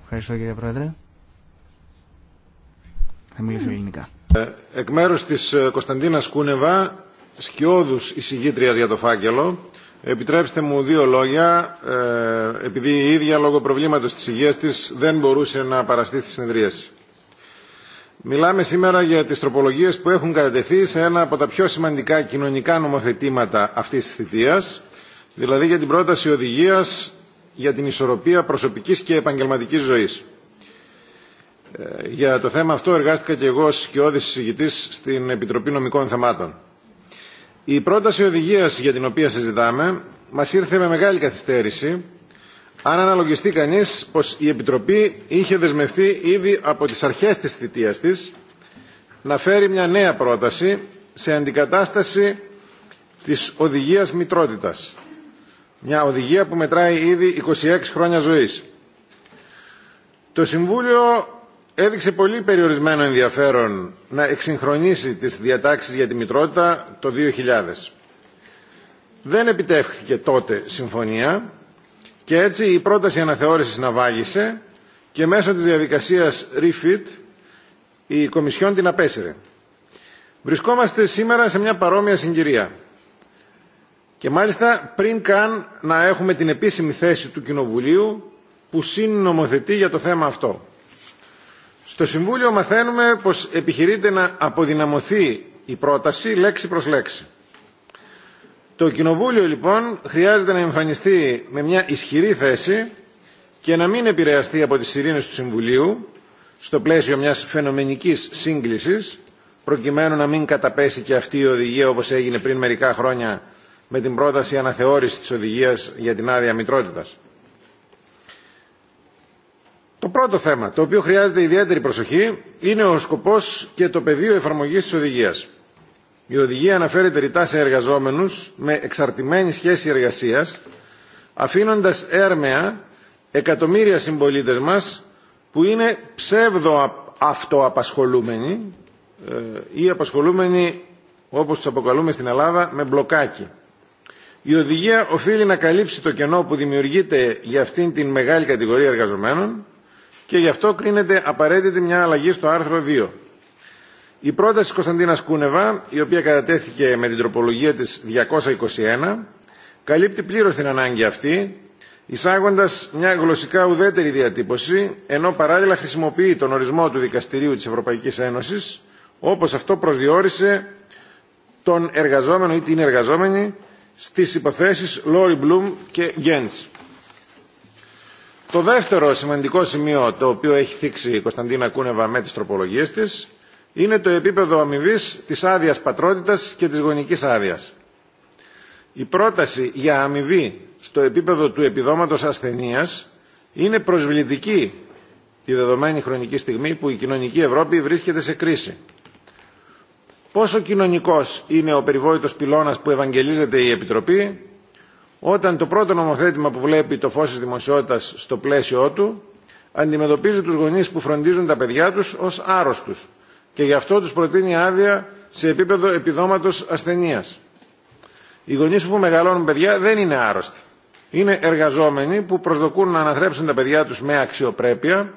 Ευχαριστώ κύριε Πρόεδρε. Θα μιλήσω ελληνικά. Ε, εκ μέρους της ε, Κωνσταντίνας Κούνεβα, σκιώδους εισηγήτριας για το φάκελο, επιτρέψτε μου δύο λόγια, ε, επειδή η ίδια λόγω προβλήματος της υγείας της δεν μπορούσε να παραστεί στη συνεδρίαση. Μιλάμε σήμερα για τις τροπολογίες που έχουν κατατεθεί σε ένα από τα πιο σημαντικά κοινωνικά νομοθετήματα αυτής της θητείας, δηλαδή για την πρόταση οδηγίας για την ισορροπία προσωπικής και επαγγελματικής ζωής. Ε, για το θέμα αυτό εργάστηκα και εγώ ως σκιώδης συζητητής στην Επιτροπή Νομικών Θεμάτων. Η πρόταση οδηγίας για την οποία συζητάμε μας ήρθε με μεγάλη καθυστέρηση αν αναλογιστεί κανείς πως η Επιτροπή είχε δεσμευτεί ήδη από τις αρχές της θητείας της να φέρει μια νέα πρόταση σε αντικατάσταση της οδηγίας μητρότητας. Μια οδηγία που μετράει ήδη 26 χρόνια ζωής. Το Συμβούλιο έδειξε πολύ περιορισμένο ενδιαφέρον να εξυγχρονίσει τις διατάξεις για τη μητρότητα το 2000. Δεν επιτεύχθηκε τότε συμφωνία και έτσι η πρόταση αναθεώρησης να βάγισε και μέσω της διαδικασίας refit η Κομισιόν την απέσυρε. Βρισκόμαστε σήμερα σε μια παρόμοια συγκυρία. Και μάλιστα πριν καν να έχουμε την επίσημη θέση του Κοινοβουλίου που συνομοθετεί για το θέμα αυτό. Στο Συμβούλιο μαθαίνουμε πως επιχειρείται να αποδυναμωθεί η πρόταση λέξη προς λέξη. Το Κοινοβούλιο λοιπόν χρειάζεται να εμφανιστεί με μια ισχυρή θέση και να μην επηρεαστεί από τις ειρήνες του Συμβουλίου στο πλαίσιο μιας φαινομενικής σύγκλησης προκειμένου να μην καταπέσει και αυτή η οδηγία όπως έγινε πριν μερικά χρόνια με την πρόταση αναθεώρησης της οδηγίας για την άδεια μητρότητας. Το πρώτο θέμα, το οποίο χρειάζεται ιδιαίτερη προσοχή, είναι ο σκοπός και το πεδίο εφαρμογής της οδηγίας. Η οδηγία αναφέρεται ρητά σε εργαζόμενους με εξαρτημένη σχέση εργασίας, αφήνοντας έρμεα εκατομμύρια συμπολίτες μας που είναι ψεύδο αυτοαπασχολούμενοι ε, ή απασχολούμενοι, όπως τους αποκαλούμε στην Ελλάδα, με μπλοκάκι. Η οδηγία οφείλει να καλύψει το κενό που δημιουργείται για αυτήν την μεγάλη κατηγορία εργαζομένων και γι' αυτό κρίνεται απαραίτητη μια αλλαγή στο άρθρο 2. Η πρόταση Κωνσταντίνα Κωνσταντίνας Κούνεβα, η οποία κατατέθηκε με την τροπολογία της 221, καλύπτει πλήρως την ανάγκη αυτή, εισάγοντας μια γλωσσικά ουδέτερη διατύπωση, ενώ παράλληλα χρησιμοποιεί τον ορισμό του Δικαστηρίου της Ευρωπαϊκής Ένωσης, όπως αυτό προσδιορίσε τον εργαζόμενο ή την εργαζόμενη στις υποθέσεις Λόρι Μπλουμ και Γκέντς. Το δεύτερο σημαντικό σημείο το οποίο έχει θίξει η Κωνσταντίνα Κούνεβα με τις τροπολογίες της είναι το επίπεδο αμοιβή της άδειας πατρότητας και της γονικής άδειας. Η πρόταση για αμοιβή στο επίπεδο του επιδόματος ασθενείας είναι προσβλητική τη δεδομένη χρονική στιγμή που η κοινωνική Ευρώπη βρίσκεται σε κρίση. Πόσο κοινωνικός είναι ο περιβόητος πυλώνας που ευαγγελίζεται η Επιτροπή όταν το πρώτο νομοθέτημα που βλέπει το φως της δημοσιότητας στο πλαίσιο του αντιμετωπίζει τους γονείς που φροντίζουν τα παιδιά τους ως άρρωστους και γι' αυτό τους προτείνει άδεια σε επίπεδο επιδόματος ασθενείας. Οι γονείς που μεγαλώνουν παιδιά δεν είναι άρρωστοι. Είναι εργαζόμενοι που προσδοκούν να αναθρέψουν τα παιδιά τους με αξιοπρέπεια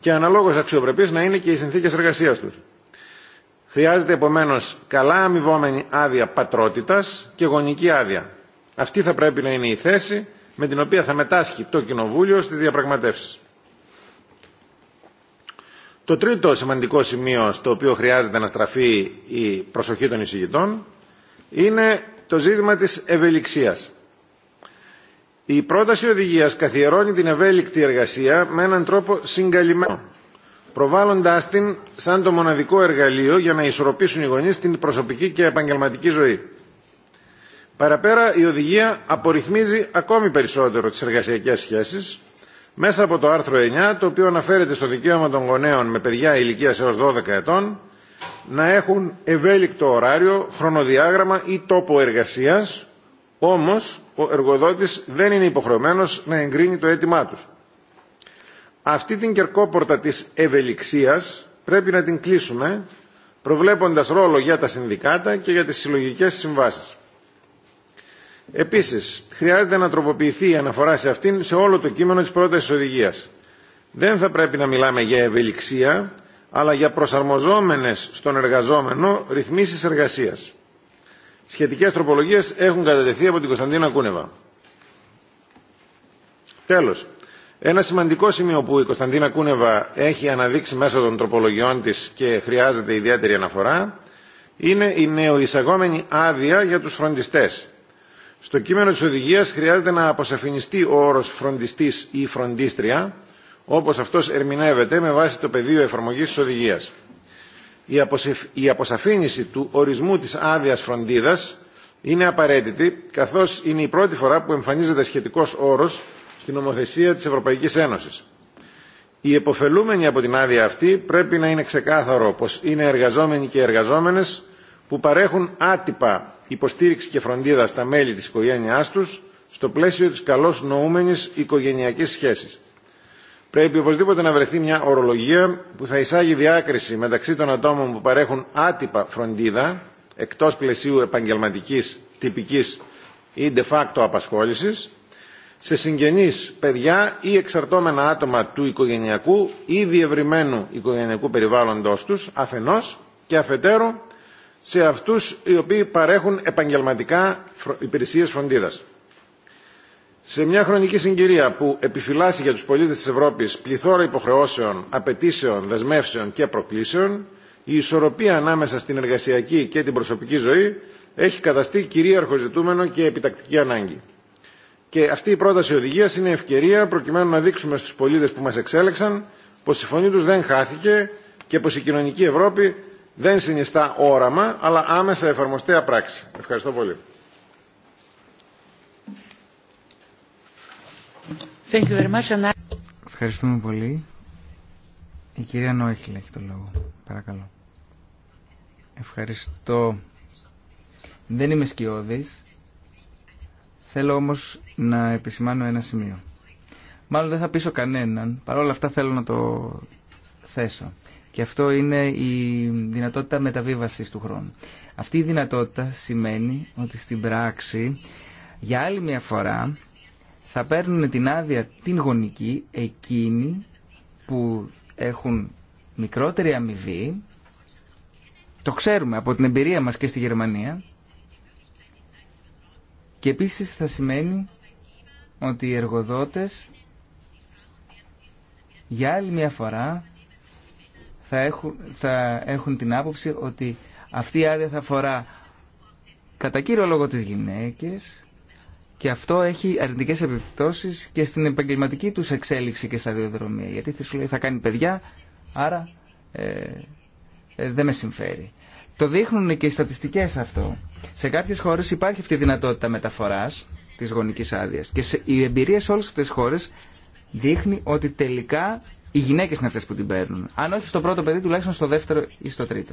και αναλόγως αξιοπρεπής να είναι και οι συνθήκες εργασίας τους. Χρειάζεται επομένως καλά αμοιβόμενη άδεια πατρότητας και γονική άδεια αυτή θα πρέπει να είναι η θέση με την οποία θα μετάσχει το Κοινοβούλιο στις διαπραγματεύσεις. Το τρίτο σημαντικό σημείο στο οποίο χρειάζεται να στραφεί η προσοχή των εισηγητών είναι το ζήτημα της ευελιξίας. Η πρόταση οδηγίας καθιερώνει την ευέλικτη εργασία με έναν τρόπο συγκαλυμμένο, προβάλλοντάς την σαν το μοναδικό εργαλείο για να ισορροπήσουν οι γονείς την προσωπική και επαγγελματική ζωή. Παραπέρα, η οδηγία απορριθμίζει ακόμη περισσότερο τις εργασιακές σχέσεις μέσα από το άρθρο 9, το οποίο αναφέρεται στο δικαίωμα των γονέων με παιδιά ηλικίας έως 12 ετών να έχουν ευέλικτο ωράριο, χρονοδιάγραμμα ή τόπο εργασίας, όμως ο εργοδότης δεν είναι υποχρεωμένος να εγκρίνει το αίτημά τους. Αυτή την κερκόπορτα της ευελιξίας πρέπει να την κλείσουμε, προβλέποντας ρόλο για τα συνδικάτα και για τις συλλογικές συμβάσεις. Επίση, χρειάζεται να τροποποιηθεί η αναφορά σε αυτήν σε όλο το κείμενο τη πρόταση οδηγία. Δεν θα πρέπει να μιλάμε για ευελιξία, αλλά για προσαρμοζόμενε στον εργαζόμενο ρυθμίσει εργασία. Σχετικέ τροπολογίε έχουν κατατεθεί από την Κωνσταντίνα Κούνεβα. Τέλο, ένα σημαντικό σημείο που η Κωνσταντίνα Κούνεβα έχει αναδείξει μέσω των τροπολογιών τη και χρειάζεται ιδιαίτερη αναφορά είναι η νεοεισαγόμενη άδεια για του φροντιστές στο κείμενο της οδηγίας χρειάζεται να αποσαφινιστεί ο όρος φροντιστής ή φροντίστρια, όπως αυτός ερμηνεύεται με βάση το πεδίο εφαρμογής της οδηγίας. Η αποσαφήνιση του ορισμού της άδεια φροντίδας είναι απαραίτητη, καθώς είναι η πρώτη φορά που εμφανίζεται σχετικός όρος στην νομοθεσία της Ευρωπαϊκής Ένωσης. Οι εποφελούμενοι από την άδεια αυτή πρέπει να είναι ξεκάθαρο πως είναι εργαζόμενοι και εργαζόμενες που παρέχουν άτυπα υποστήριξη και φροντίδα στα μέλη της οικογένειάς τους στο πλαίσιο της καλώς νοούμενης οικογενειακής σχέσης. Πρέπει οπωσδήποτε να βρεθεί μια ορολογία που θα εισάγει διάκριση μεταξύ των ατόμων που παρέχουν άτυπα φροντίδα εκτός πλαισίου επαγγελματικής, τυπικής ή de facto απασχόλησης σε συγγενείς, παιδιά ή εξαρτώμενα άτομα του οικογενειακού ή διευρυμένου οικογενειακού περιβάλλοντος τους αφενός και αφετέρου σε αυτούς οι οποίοι παρέχουν επαγγελματικά υπηρεσίες φροντίδας. Σε μια χρονική συγκυρία που επιφυλάσσει για τους πολίτες της Ευρώπης πληθώρα υποχρεώσεων, απαιτήσεων, δεσμεύσεων και προκλήσεων, η ισορροπία ανάμεσα στην εργασιακή και την προσωπική ζωή έχει καταστεί κυρίαρχο ζητούμενο και επιτακτική ανάγκη. Και αυτή η πρόταση οδηγίας είναι ευκαιρία προκειμένου να δείξουμε στους πολίτες που μας εξέλεξαν πως η φωνή τους δεν χάθηκε και πως η κοινωνική Ευρώπη δεν συνιστά όραμα, αλλά άμεσα εφαρμοστέα πράξη. Ευχαριστώ πολύ. Thank you very much. Ευχαριστούμε πολύ. Η κυρία Νόχιλα έχει το λόγο. Παρακαλώ. Ευχαριστώ. Δεν είμαι σκιώδης. Θέλω όμως να επισημάνω ένα σημείο. Μάλλον δεν θα πείσω κανέναν. Παρ' όλα αυτά θέλω να το και αυτό είναι η δυνατότητα μεταβίβασης του χρόνου. Αυτή η δυνατότητα σημαίνει ότι στην πράξη για άλλη μια φορά θα παίρνουν την άδεια την γονική εκείνη που έχουν μικρότερη αμοιβή το ξέρουμε από την εμπειρία μας και στη Γερμανία και επίσης θα σημαίνει ότι οι εργοδότες για άλλη μια φορά θα έχουν, την άποψη ότι αυτή η άδεια θα αφορά κατά κύριο λόγο τις γυναίκες και αυτό έχει αρνητικές επιπτώσεις και στην επαγγελματική τους εξέλιξη και σταδιοδρομία. Γιατί θα σου λέει θα κάνει παιδιά, άρα ε, ε, δεν με συμφέρει. Το δείχνουν και οι στατιστικές αυτό. Σε κάποιες χώρες υπάρχει αυτή η δυνατότητα μεταφοράς της γονικής άδειας και σε, η εμπειρία σε όλες αυτές τις χώρες δείχνει ότι τελικά οι γυναίκες είναι αυτέ που την παίρνουν. Αν όχι στο πρώτο παιδί, τουλάχιστον στο δεύτερο ή στο τρίτο.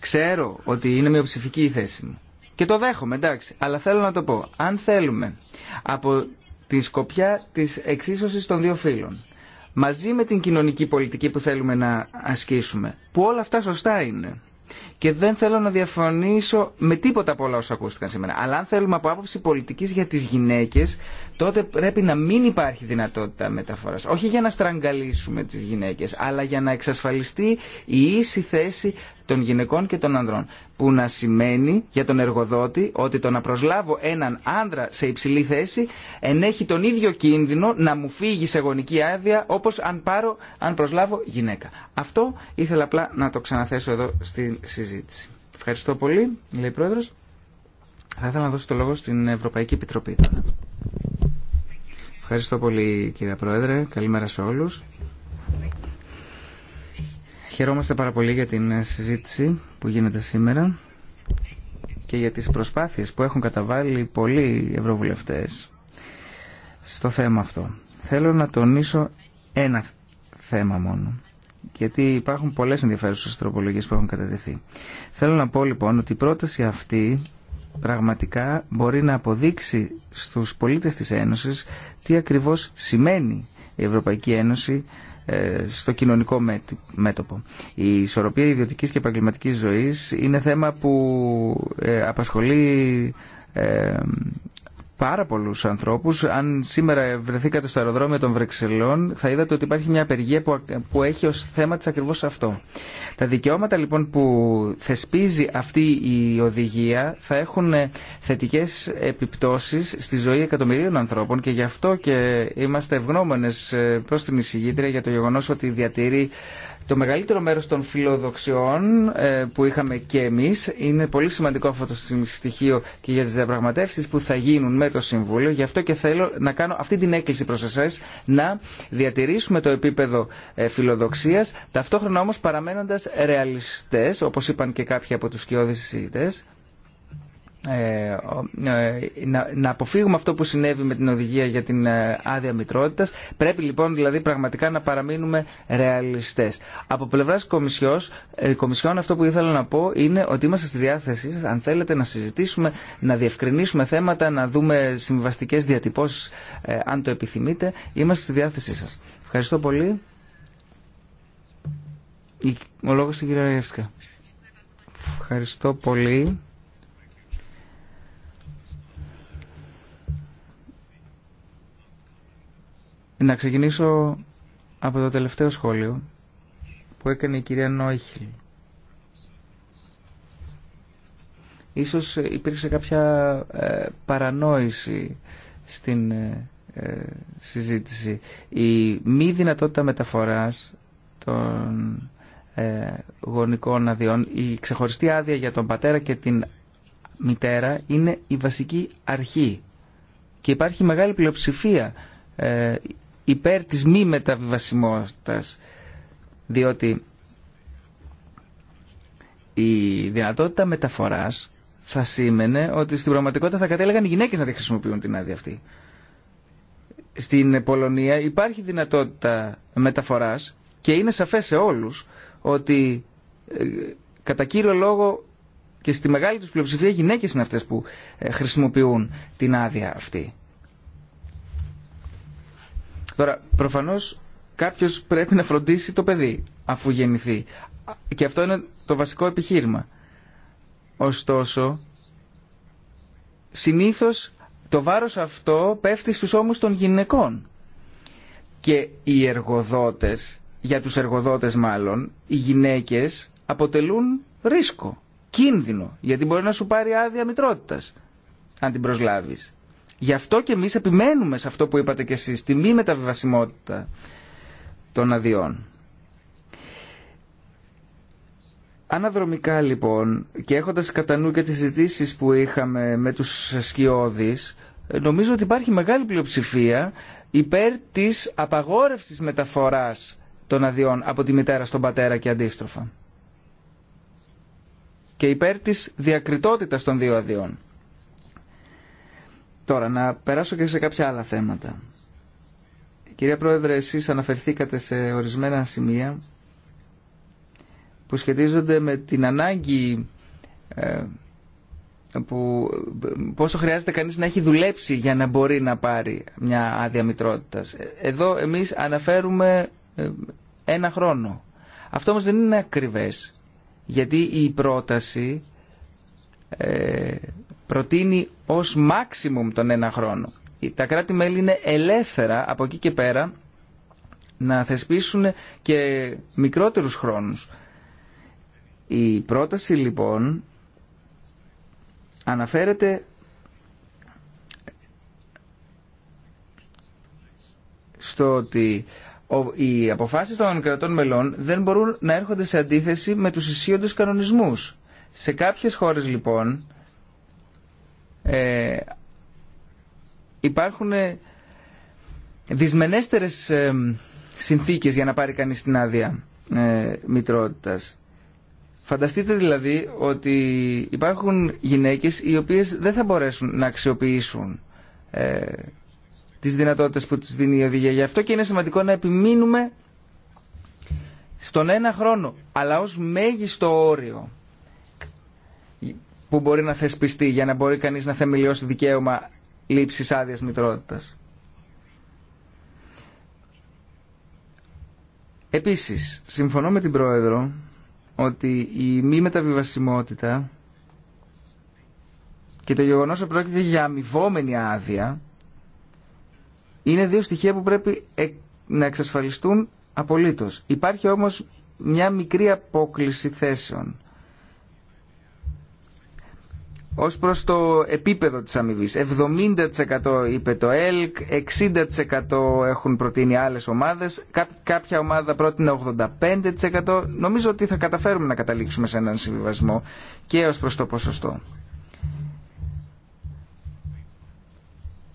Ξέρω ότι είναι μειοψηφική η θέση μου. Και το δέχομαι, εντάξει. Αλλά θέλω να το πω. Αν θέλουμε από τη σκοπιά της εξίσωσης των δύο φύλων, μαζί με την κοινωνική πολιτική που θέλουμε να ασκήσουμε, που όλα αυτά σωστά είναι, και δεν θέλω να διαφωνήσω με τίποτα από όλα όσα ακούστηκαν σήμερα. Αλλά αν θέλουμε από άποψη πολιτική για τι γυναίκε, τότε πρέπει να μην υπάρχει δυνατότητα μεταφορά. Όχι για να στραγγαλίσουμε τι γυναίκε, αλλά για να εξασφαλιστεί η ίση θέση των γυναικών και των ανδρών. Που να σημαίνει για τον εργοδότη ότι το να προσλάβω έναν άνδρα σε υψηλή θέση ενέχει τον ίδιο κίνδυνο να μου φύγει σε γονική άδεια όπω αν, πάρω, αν προσλάβω γυναίκα. Αυτό ήθελα απλά να το ξαναθέσω εδώ στη συζήτηση. Ευχαριστώ πολύ, λέει η Πρόεδρος. Θα ήθελα να δώσω το λόγο στην Ευρωπαϊκή Επιτροπή τώρα. Ευχαριστώ πολύ κύριε Πρόεδρε. Καλημέρα σε όλους. Χαιρόμαστε πάρα πολύ για την συζήτηση που γίνεται σήμερα και για τις προσπάθειες που έχουν καταβάλει πολλοί ευρωβουλευτές στο θέμα αυτό. Θέλω να τονίσω ένα θέμα μόνο, γιατί υπάρχουν πολλές ενδιαφέρουσες τροπολογίες που έχουν κατατεθεί. Θέλω να πω λοιπόν ότι η πρόταση αυτή πραγματικά μπορεί να αποδείξει στους πολίτες της Ένωσης τι ακριβώς σημαίνει η Ευρωπαϊκή Ένωση ε, στο κοινωνικό μέτωπο. Η ισορροπία ιδιωτικής και επαγγελματικής ζωής είναι θέμα που ε, απασχολεί ε, πάρα πολλού ανθρώπου. Αν σήμερα βρεθήκατε στο αεροδρόμιο των Βρεξελών, θα είδατε ότι υπάρχει μια απεργία που, έχει ω θέμα τη ακριβώ αυτό. Τα δικαιώματα λοιπόν που θεσπίζει αυτή η οδηγία θα έχουν ε, θετικέ επιπτώσει στη ζωή εκατομμυρίων ανθρώπων και γι' αυτό και είμαστε ευγνώμονε ε, προ την εισηγήτρια για το γεγονό ότι διατηρεί το μεγαλύτερο μέρος των φιλοδοξιών ε, που είχαμε και εμείς είναι πολύ σημαντικό αυτό το στοιχείο και για τις διαπραγματεύσεις που θα γίνουν με το Συμβούλιο. Γι' αυτό και θέλω να κάνω αυτή την έκκληση προς εσάς να διατηρήσουμε το επίπεδο ε, φιλοδοξίας, ταυτόχρονα όμως παραμένοντας ρεαλιστές, όπως είπαν και κάποιοι από τους κοιόδησίτες, ε, ε, να αποφύγουμε αυτό που συνέβη με την οδηγία για την ε, άδεια μητρότητα. Πρέπει λοιπόν δηλαδή πραγματικά να παραμείνουμε ρεαλιστέ. Από πλευρά κομισιών αυτό που ήθελα να πω είναι ότι είμαστε στη διάθεσή αν θέλετε να συζητήσουμε, να διευκρινίσουμε θέματα, να δούμε συμβαστικέ διατυπώσει αν το επιθυμείτε. Είμαστε στη διάθεσή σα. Ευχαριστώ πολύ. Ο λόγος στην κυρία Ευχαριστώ πολύ. Να ξεκινήσω από το τελευταίο σχόλιο που έκανε η κυρία Νόιχλ. Ίσως υπήρξε κάποια ε, παρανόηση στην ε, ε, συζήτηση. Η μη δυνατότητα μεταφοράς των ε, γονικών αδειών, η ξεχωριστή άδεια για τον πατέρα και την μητέρα είναι η βασική αρχή. Και υπάρχει μεγάλη πλειοψηφία ε, υπέρ της μη μεταβιβασιμότητας διότι η δυνατότητα μεταφοράς θα σήμαινε ότι στην πραγματικότητα θα κατέλεγαν οι γυναίκες να τη χρησιμοποιούν την άδεια αυτή. Στην Πολωνία υπάρχει δυνατότητα μεταφοράς και είναι σαφές σε όλους ότι ε, κατά κύριο λόγο και στη μεγάλη τους πλειοψηφία γυναίκες είναι αυτές που ε, χρησιμοποιούν την άδεια αυτή. Τώρα, προφανώς κάποιος πρέπει να φροντίσει το παιδί αφού γεννηθεί. Και αυτό είναι το βασικό επιχείρημα. Ωστόσο, συνήθως το βάρος αυτό πέφτει στους ώμους των γυναικών. Και οι εργοδότες, για τους εργοδότες μάλλον, οι γυναίκες αποτελούν ρίσκο, κίνδυνο, γιατί μπορεί να σου πάρει άδεια μητρότητα, αν την προσλάβεις. Γι' αυτό και εμείς επιμένουμε σε αυτό που είπατε κι εσείς, τη μη μεταβιβασιμότητα των αδειών. Αναδρομικά λοιπόν και έχοντας κατά νου και τις συζητήσει που είχαμε με τους σκιώδεις, νομίζω ότι υπάρχει μεγάλη πλειοψηφία υπέρ της απαγόρευσης μεταφοράς των αδειών από τη μητέρα στον πατέρα και αντίστροφα. Και υπέρ της διακριτότητας των δύο αδειών. Τώρα, να περάσω και σε κάποια άλλα θέματα. Κυρία Πρόεδρε, εσείς αναφερθήκατε σε ορισμένα σημεία που σχετίζονται με την ανάγκη ε, που πόσο χρειάζεται κανείς να έχει δουλέψει για να μπορεί να πάρει μια άδεια ε, Εδώ εμείς αναφέρουμε ε, ένα χρόνο. Αυτό όμως δεν είναι ακριβές, γιατί η πρόταση προτείνει ως maximum τον ένα χρόνο. Τα κράτη-μέλη είναι ελεύθερα από εκεί και πέρα να θεσπίσουν και μικρότερους χρόνους. Η πρόταση λοιπόν αναφέρεται στο ότι οι αποφάσεις των κρατών μελών δεν μπορούν να έρχονται σε αντίθεση με τους ισχύοντες κανονισμούς. Σε κάποιες χώρες λοιπόν ε, υπάρχουν ε, δυσμενέστερες ε, συνθήκες για να πάρει κανείς την άδεια ε, μητρότητας. Φανταστείτε δηλαδή ότι υπάρχουν γυναίκες οι οποίες δεν θα μπορέσουν να αξιοποιήσουν ε, τις δυνατότητες που τους δίνει η οδηγία. Γι' αυτό και είναι σημαντικό να επιμείνουμε στον ένα χρόνο, αλλά ως μέγιστο όριο που μπορεί να θεσπιστεί για να μπορεί κανείς να θεμελιώσει δικαίωμα λήψης άδεια μητρότητα. Επίσης, συμφωνώ με την Πρόεδρο ότι η μη μεταβιβασιμότητα και το γεγονός ότι πρόκειται για αμοιβόμενη άδεια είναι δύο στοιχεία που πρέπει ε, να εξασφαλιστούν απολύτως. Υπάρχει όμως μια μικρή απόκληση θέσεων Ω προ το επίπεδο της αμοιβή. 70% είπε το ΕΛΚ, 60% έχουν προτείνει άλλε ομάδες, κάποια ομάδα πρότεινε 85%. Νομίζω ότι θα καταφέρουμε να καταλήξουμε σε έναν συμβιβασμό και ω προ το ποσοστό.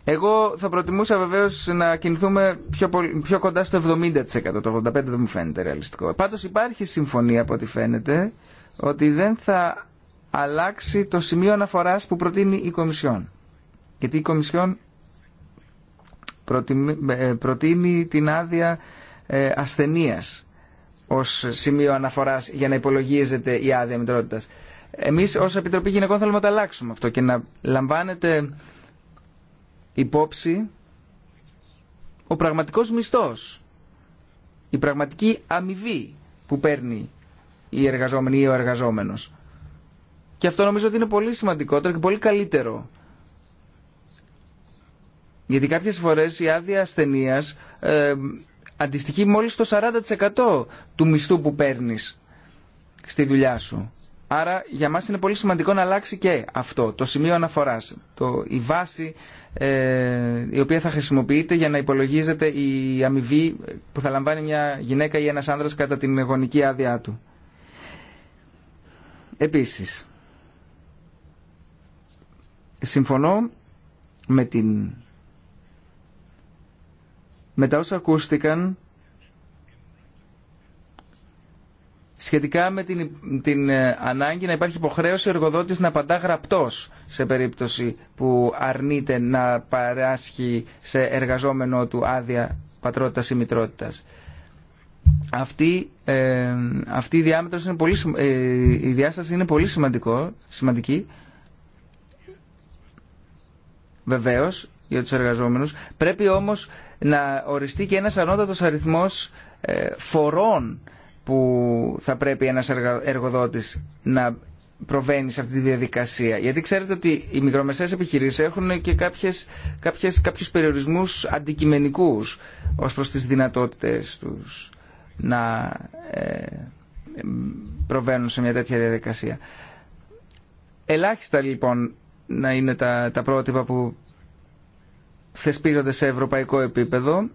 Εγώ θα προτιμούσα βεβαίω να κινηθούμε πιο, πολύ, πιο κοντά στο 70%. Το 85% δεν μου φαίνεται ρεαλιστικό. Πάντω υπάρχει συμφωνία από ό,τι φαίνεται ότι δεν θα αλλάξει το σημείο αναφοράς που προτείνει η Κομισιόν. Γιατί η Κομισιόν ε, προτείνει την άδεια ε, ασθενείας ως σημείο αναφοράς για να υπολογίζεται η άδεια μητρότητας. Εμείς ως Επιτροπή Γυναικών θέλουμε να το αλλάξουμε αυτό και να λαμβάνεται υπόψη ο πραγματικός μισθός, η πραγματική αμοιβή που παίρνει η εργαζόμενη ή ο εργαζόμενος. Και αυτό νομίζω ότι είναι πολύ σημαντικότερο και πολύ καλύτερο. Γιατί κάποιες φορές η άδεια ασθενεία ε, αντιστοιχεί μόλις το 40% του μισθού που παίρνεις στη δουλειά σου. Άρα για μας είναι πολύ σημαντικό να αλλάξει και αυτό, το σημείο αναφοράς, το, η βάση ε, η οποία θα χρησιμοποιείται για να υπολογίζεται η αμοιβή που θα λαμβάνει μια γυναίκα ή ένας άνδρας κατά την γονική άδειά του. Επίσης, Συμφωνώ με την... Με τα όσα ακούστηκαν σχετικά με την, την ε, ανάγκη να υπάρχει υποχρέωση εργοδότης να απαντά γραπτός σε περίπτωση που αρνείται να παράσχει σε εργαζόμενο του άδεια πατρότητας ή μητρότητας. Αυτή, ε, αυτή η μητροτητας αυτη είναι πολύ, ε, η διάσταση είναι πολύ σημαντικό, σημαντική Βεβαίω, για τους εργαζόμενους. Πρέπει όμως να οριστεί και ένας ανώτατος αριθμός ε, φορών που θα πρέπει ένας εργοδότης να προβαίνει σε αυτή τη διαδικασία. Γιατί ξέρετε ότι οι μικρομεσαίες επιχειρήσεις έχουν και κάποιες, κάποιες, κάποιους περιορισμούς αντικειμενικούς ως προς τις δυνατότητες τους να ε, προβαίνουν σε μια τέτοια διαδικασία. Ελάχιστα λοιπόν να είναι τα, τα πρότυπα που θεσπίζονται σε ευρωπαϊκό επίπεδο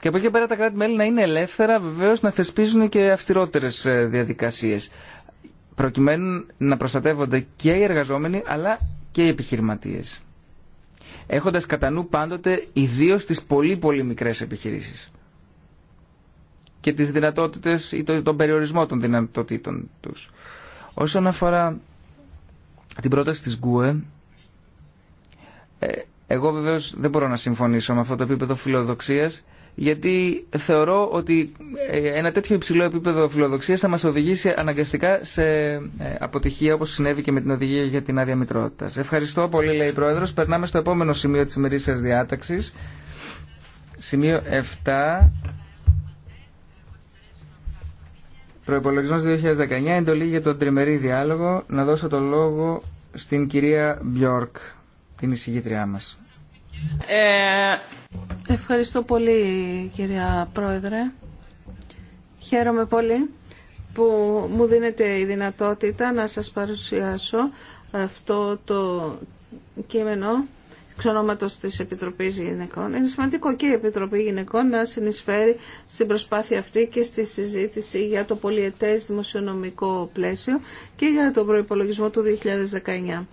και από εκεί πέρα τα κράτη-μέλη να είναι ελεύθερα βεβαίως να θεσπίζουν και αυστηρότερες ε, διαδικασίες προκειμένου να προστατεύονται και οι εργαζόμενοι αλλά και οι επιχειρηματίες έχοντας κατά νου πάντοτε ιδίως τις πολύ πολύ μικρές επιχειρήσεις και τις δυνατότητες ή τον περιορισμό των δυνατοτήτων τους. Όσον αφορά την πρόταση της ΓΚΟΕ ε, εγώ βεβαίως δεν μπορώ να συμφωνήσω με αυτό το επίπεδο φιλοδοξίας γιατί θεωρώ ότι ε, ένα τέτοιο υψηλό επίπεδο φιλοδοξίας θα μας οδηγήσει αναγκαστικά σε ε, αποτυχία όπω συνέβη και με την οδηγία για την άδεια μητρότητα. Ευχαριστώ πολύ λέει η Πρόεδρος. Περνάμε στο επόμενο σημείο της ημερήσια διάταξη, Σημείο 7 Προπολογισμό 2019, εντολή για τον τριμερή διάλογο. Να δώσω το λόγο στην κυρία Μπιόρκ, την εισηγήτριά μα. Ε... Ευχαριστώ πολύ, κυρία Πρόεδρε. Χαίρομαι πολύ που μου δίνετε η δυνατότητα να σας παρουσιάσω αυτό το κείμενο εξ τη της Επιτροπής Γυναικών. Είναι σημαντικό και η Επιτροπή Γυναικών να συνεισφέρει στην προσπάθεια αυτή και στη συζήτηση για το πολιετέ δημοσιονομικό πλαίσιο και για τον προπολογισμό του 2019.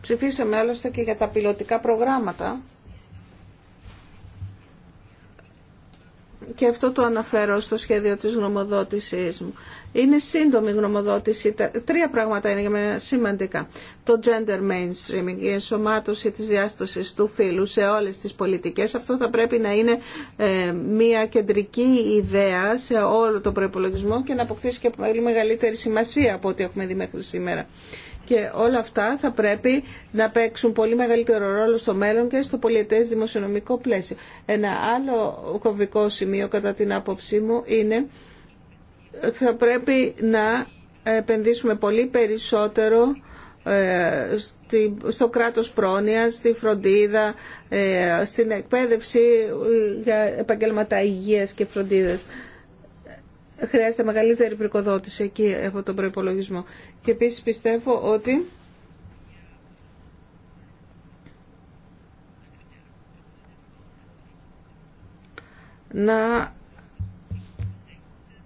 Ψηφίσαμε άλλωστε και για τα πιλωτικά προγράμματα και αυτό το αναφέρω στο σχέδιο της γνωμοδότησής μου. Είναι σύντομη γνωμοδότηση. Τρία πράγματα είναι για μένα σημαντικά. Το gender mainstreaming, η ενσωμάτωση της διάστασης του φύλου σε όλες τις πολιτικές. Αυτό θα πρέπει να είναι ε, μια κεντρική ιδέα σε όλο τον προπολογισμό και να αποκτήσει και πολύ μεγαλύτερη σημασία από ό,τι έχουμε δει μέχρι σήμερα. Και όλα αυτά θα πρέπει να παίξουν πολύ μεγαλύτερο ρόλο στο μέλλον και στο πολιετές δημοσιονομικό πλαίσιο. Ένα άλλο κομβικό σημείο κατά την άποψή μου είναι θα πρέπει να επενδύσουμε πολύ περισσότερο ε, στο κράτος πρόνοιας, στη φροντίδα, ε, στην εκπαίδευση ε, για επαγγελματά υγείας και φροντίδας χρειάζεται μεγαλύτερη πρικοδότηση εκεί από τον προϋπολογισμό. Και επίσης πιστεύω ότι να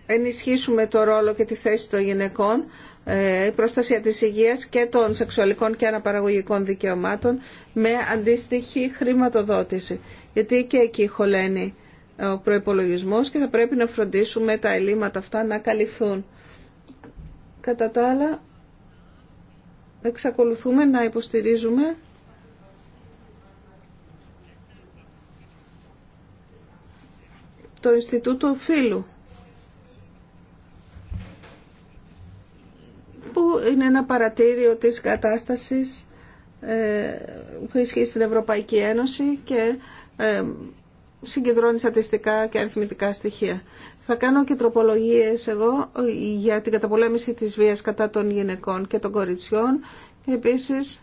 ενισχύσουμε το ρόλο και τη θέση των γυναικών, ε, η προστασία της υγείας και των σεξουαλικών και αναπαραγωγικών δικαιωμάτων με αντίστοιχη χρηματοδότηση. Γιατί και εκεί χωλένει ο προϋπολογισμός και θα πρέπει να φροντίσουμε τα ελλείμματα αυτά να καλυφθούν. Κατά τα άλλα, εξακολουθούμε να υποστηρίζουμε το Ινστιτούτο Φίλου που είναι ένα παρατήριο της κατάστασης ε, που ισχύει στην Ευρωπαϊκή Ένωση και ε, συγκεντρώνει στατιστικά και αριθμητικά στοιχεία. Θα κάνω και τροπολογίες εγώ ε, για την καταπολέμηση της βίας κατά των γυναικών και των κοριτσιών και επίσης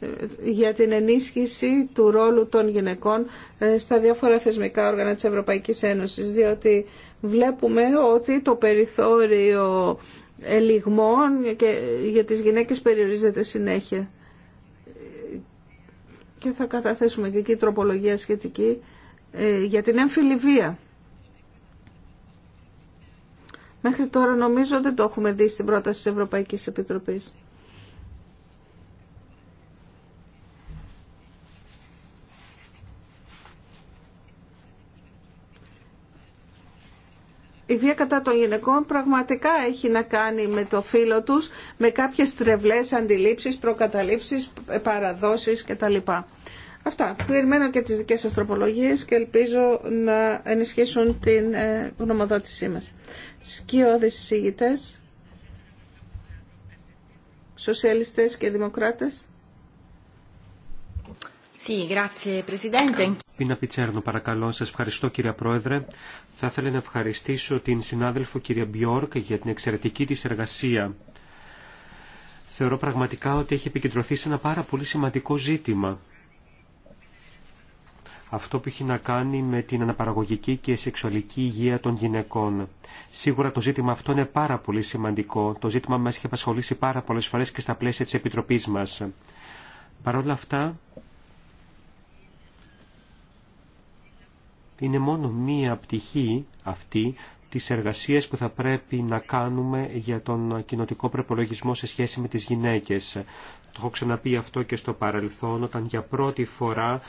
ε, για την ενίσχυση του ρόλου των γυναικών ε, στα διάφορα θεσμικά όργανα της Ευρωπαϊκής Ένωσης, διότι βλέπουμε ότι το περιθώριο ελιγμών και για τις γυναίκες περιορίζεται συνέχεια. Και θα καταθέσουμε και εκεί τροπολογία σχετική ε, για την έμφυλη βία. Μέχρι τώρα νομίζω δεν το έχουμε δει στην πρόταση της Ευρωπαϊκής Επιτροπής. η βία κατά των γυναικών πραγματικά έχει να κάνει με το φίλο τους, με κάποιες τρευλές αντιλήψεις, προκαταλήψεις, παραδόσεις κτλ. Αυτά. Περιμένω και τις δικές σας τροπολογίες και ελπίζω να ενισχύσουν την ε, γνωμοδότησή μας. Σκιώδεις συζήτητες, σοσιαλιστές και δημοκράτες. Πίνα Πιτσέρνο, παρακαλώ. Σας ευχαριστώ κύριε Πρόεδρε. Θα ήθελα να ευχαριστήσω την συνάδελφο κυρία Μπιόρκ για την εξαιρετική της εργασία. Θεωρώ πραγματικά ότι έχει επικεντρωθεί σε ένα πάρα πολύ σημαντικό ζήτημα αυτό που έχει να κάνει με την αναπαραγωγική και σεξουαλική υγεία των γυναικών. Σίγουρα το ζήτημα αυτό είναι πάρα πολύ σημαντικό. Το ζήτημα μας έχει απασχολήσει πάρα πολλές φορές και στα πλαίσια της Επιτροπής μας. Παρ' όλα αυτά, είναι μόνο μία πτυχή αυτή τις εργασίες που θα πρέπει να κάνουμε για τον κοινοτικό προπολογισμό σε σχέση με τις γυναίκες. Το έχω ξαναπεί αυτό και στο παρελθόν, όταν για πρώτη φορά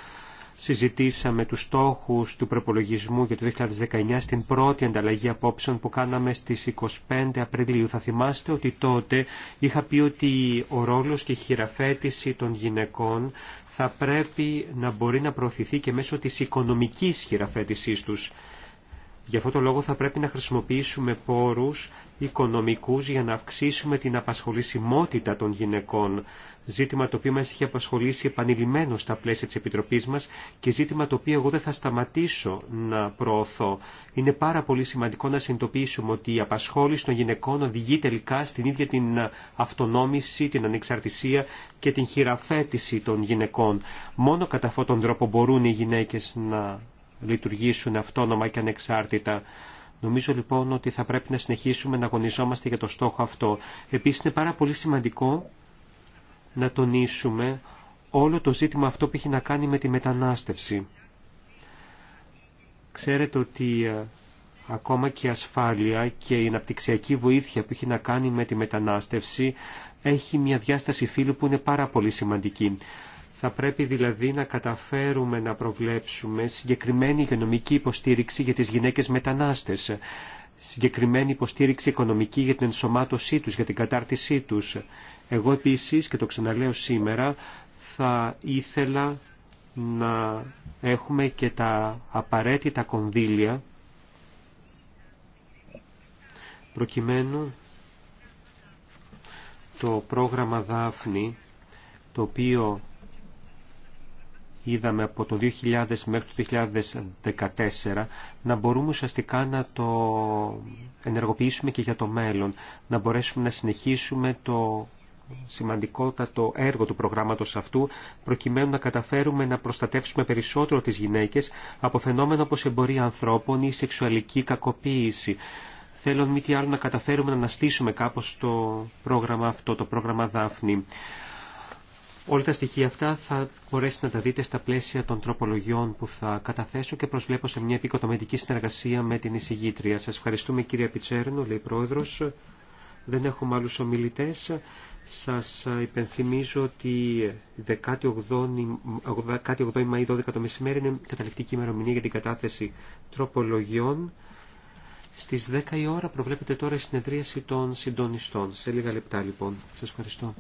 συζητήσαμε τους στόχους του προπολογισμού για το 2019 στην πρώτη ανταλλαγή απόψεων που κάναμε στις 25 Απριλίου. Θα θυμάστε ότι τότε είχα πει ότι ο ρόλος και η χειραφέτηση των γυναικών θα πρέπει να μπορεί να προωθηθεί και μέσω της οικονομικής χειραφέτησής τους. Γι' αυτό το λόγο θα πρέπει να χρησιμοποιήσουμε πόρους οικονομικούς για να αυξήσουμε την απασχολησιμότητα των γυναικών ζήτημα το οποίο μας έχει απασχολήσει επανειλημμένο στα πλαίσια της Επιτροπής μας και ζήτημα το οποίο εγώ δεν θα σταματήσω να προωθώ. Είναι πάρα πολύ σημαντικό να συνειδητοποιήσουμε ότι η απασχόληση των γυναικών οδηγεί τελικά στην ίδια την αυτονόμηση, την ανεξαρτησία και την χειραφέτηση των γυναικών. Μόνο κατά αυτόν τον τρόπο μπορούν οι γυναίκες να λειτουργήσουν αυτόνομα και ανεξάρτητα. Νομίζω λοιπόν ότι θα πρέπει να συνεχίσουμε να αγωνιζόμαστε για το στόχο αυτό. Επίσης είναι πάρα πολύ σημαντικό να τονίσουμε όλο το ζήτημα αυτό που έχει να κάνει με τη μετανάστευση. Ξέρετε ότι ε, ακόμα και η ασφάλεια και η αναπτυξιακή βοήθεια που έχει να κάνει με τη μετανάστευση έχει μια διάσταση φύλου που είναι πάρα πολύ σημαντική. Θα πρέπει δηλαδή να καταφέρουμε να προβλέψουμε συγκεκριμένη υγειονομική υποστήριξη για τις γυναίκες μετανάστες συγκεκριμένη υποστήριξη οικονομική για την ενσωμάτωσή τους, για την κατάρτισή τους. Εγώ επίσης, και το ξαναλέω σήμερα, θα ήθελα να έχουμε και τα απαραίτητα κονδύλια προκειμένου το πρόγραμμα Δάφνη το οποίο είδαμε από το 2000 μέχρι το 2014 να μπορούμε ουσιαστικά να το ενεργοποιήσουμε και για το μέλλον, να μπορέσουμε να συνεχίσουμε το σημαντικότατο έργο του προγράμματος αυτού προκειμένου να καταφέρουμε να προστατεύσουμε περισσότερο τις γυναίκες από φαινόμενα όπως εμπορία ανθρώπων ή σεξουαλική κακοποίηση. Θέλω μη τι άλλο να καταφέρουμε να αναστήσουμε κάπως το πρόγραμμα αυτό, το πρόγραμμα Δάφνη. Όλα τα στοιχεία αυτά θα μπορέσετε να τα δείτε στα πλαίσια των τροπολογιών που θα καταθέσω και προσβλέπω σε μια επικοτομητική συνεργασία με την εισηγήτρια. Σας ευχαριστούμε κύριε Πιτσέρνο, λέει πρόεδρος. Δεν έχουμε άλλους ομιλητές. Σας υπενθυμίζω ότι 18 Μαΐ 12 το μεσημέρι είναι καταληκτική ημερομηνία για την κατάθεση τροπολογιών. Στις 10 η ώρα προβλέπεται τώρα η συνεδρίαση των συντονιστών. Σε λίγα λεπτά λοιπόν. Σας ευχαριστώ.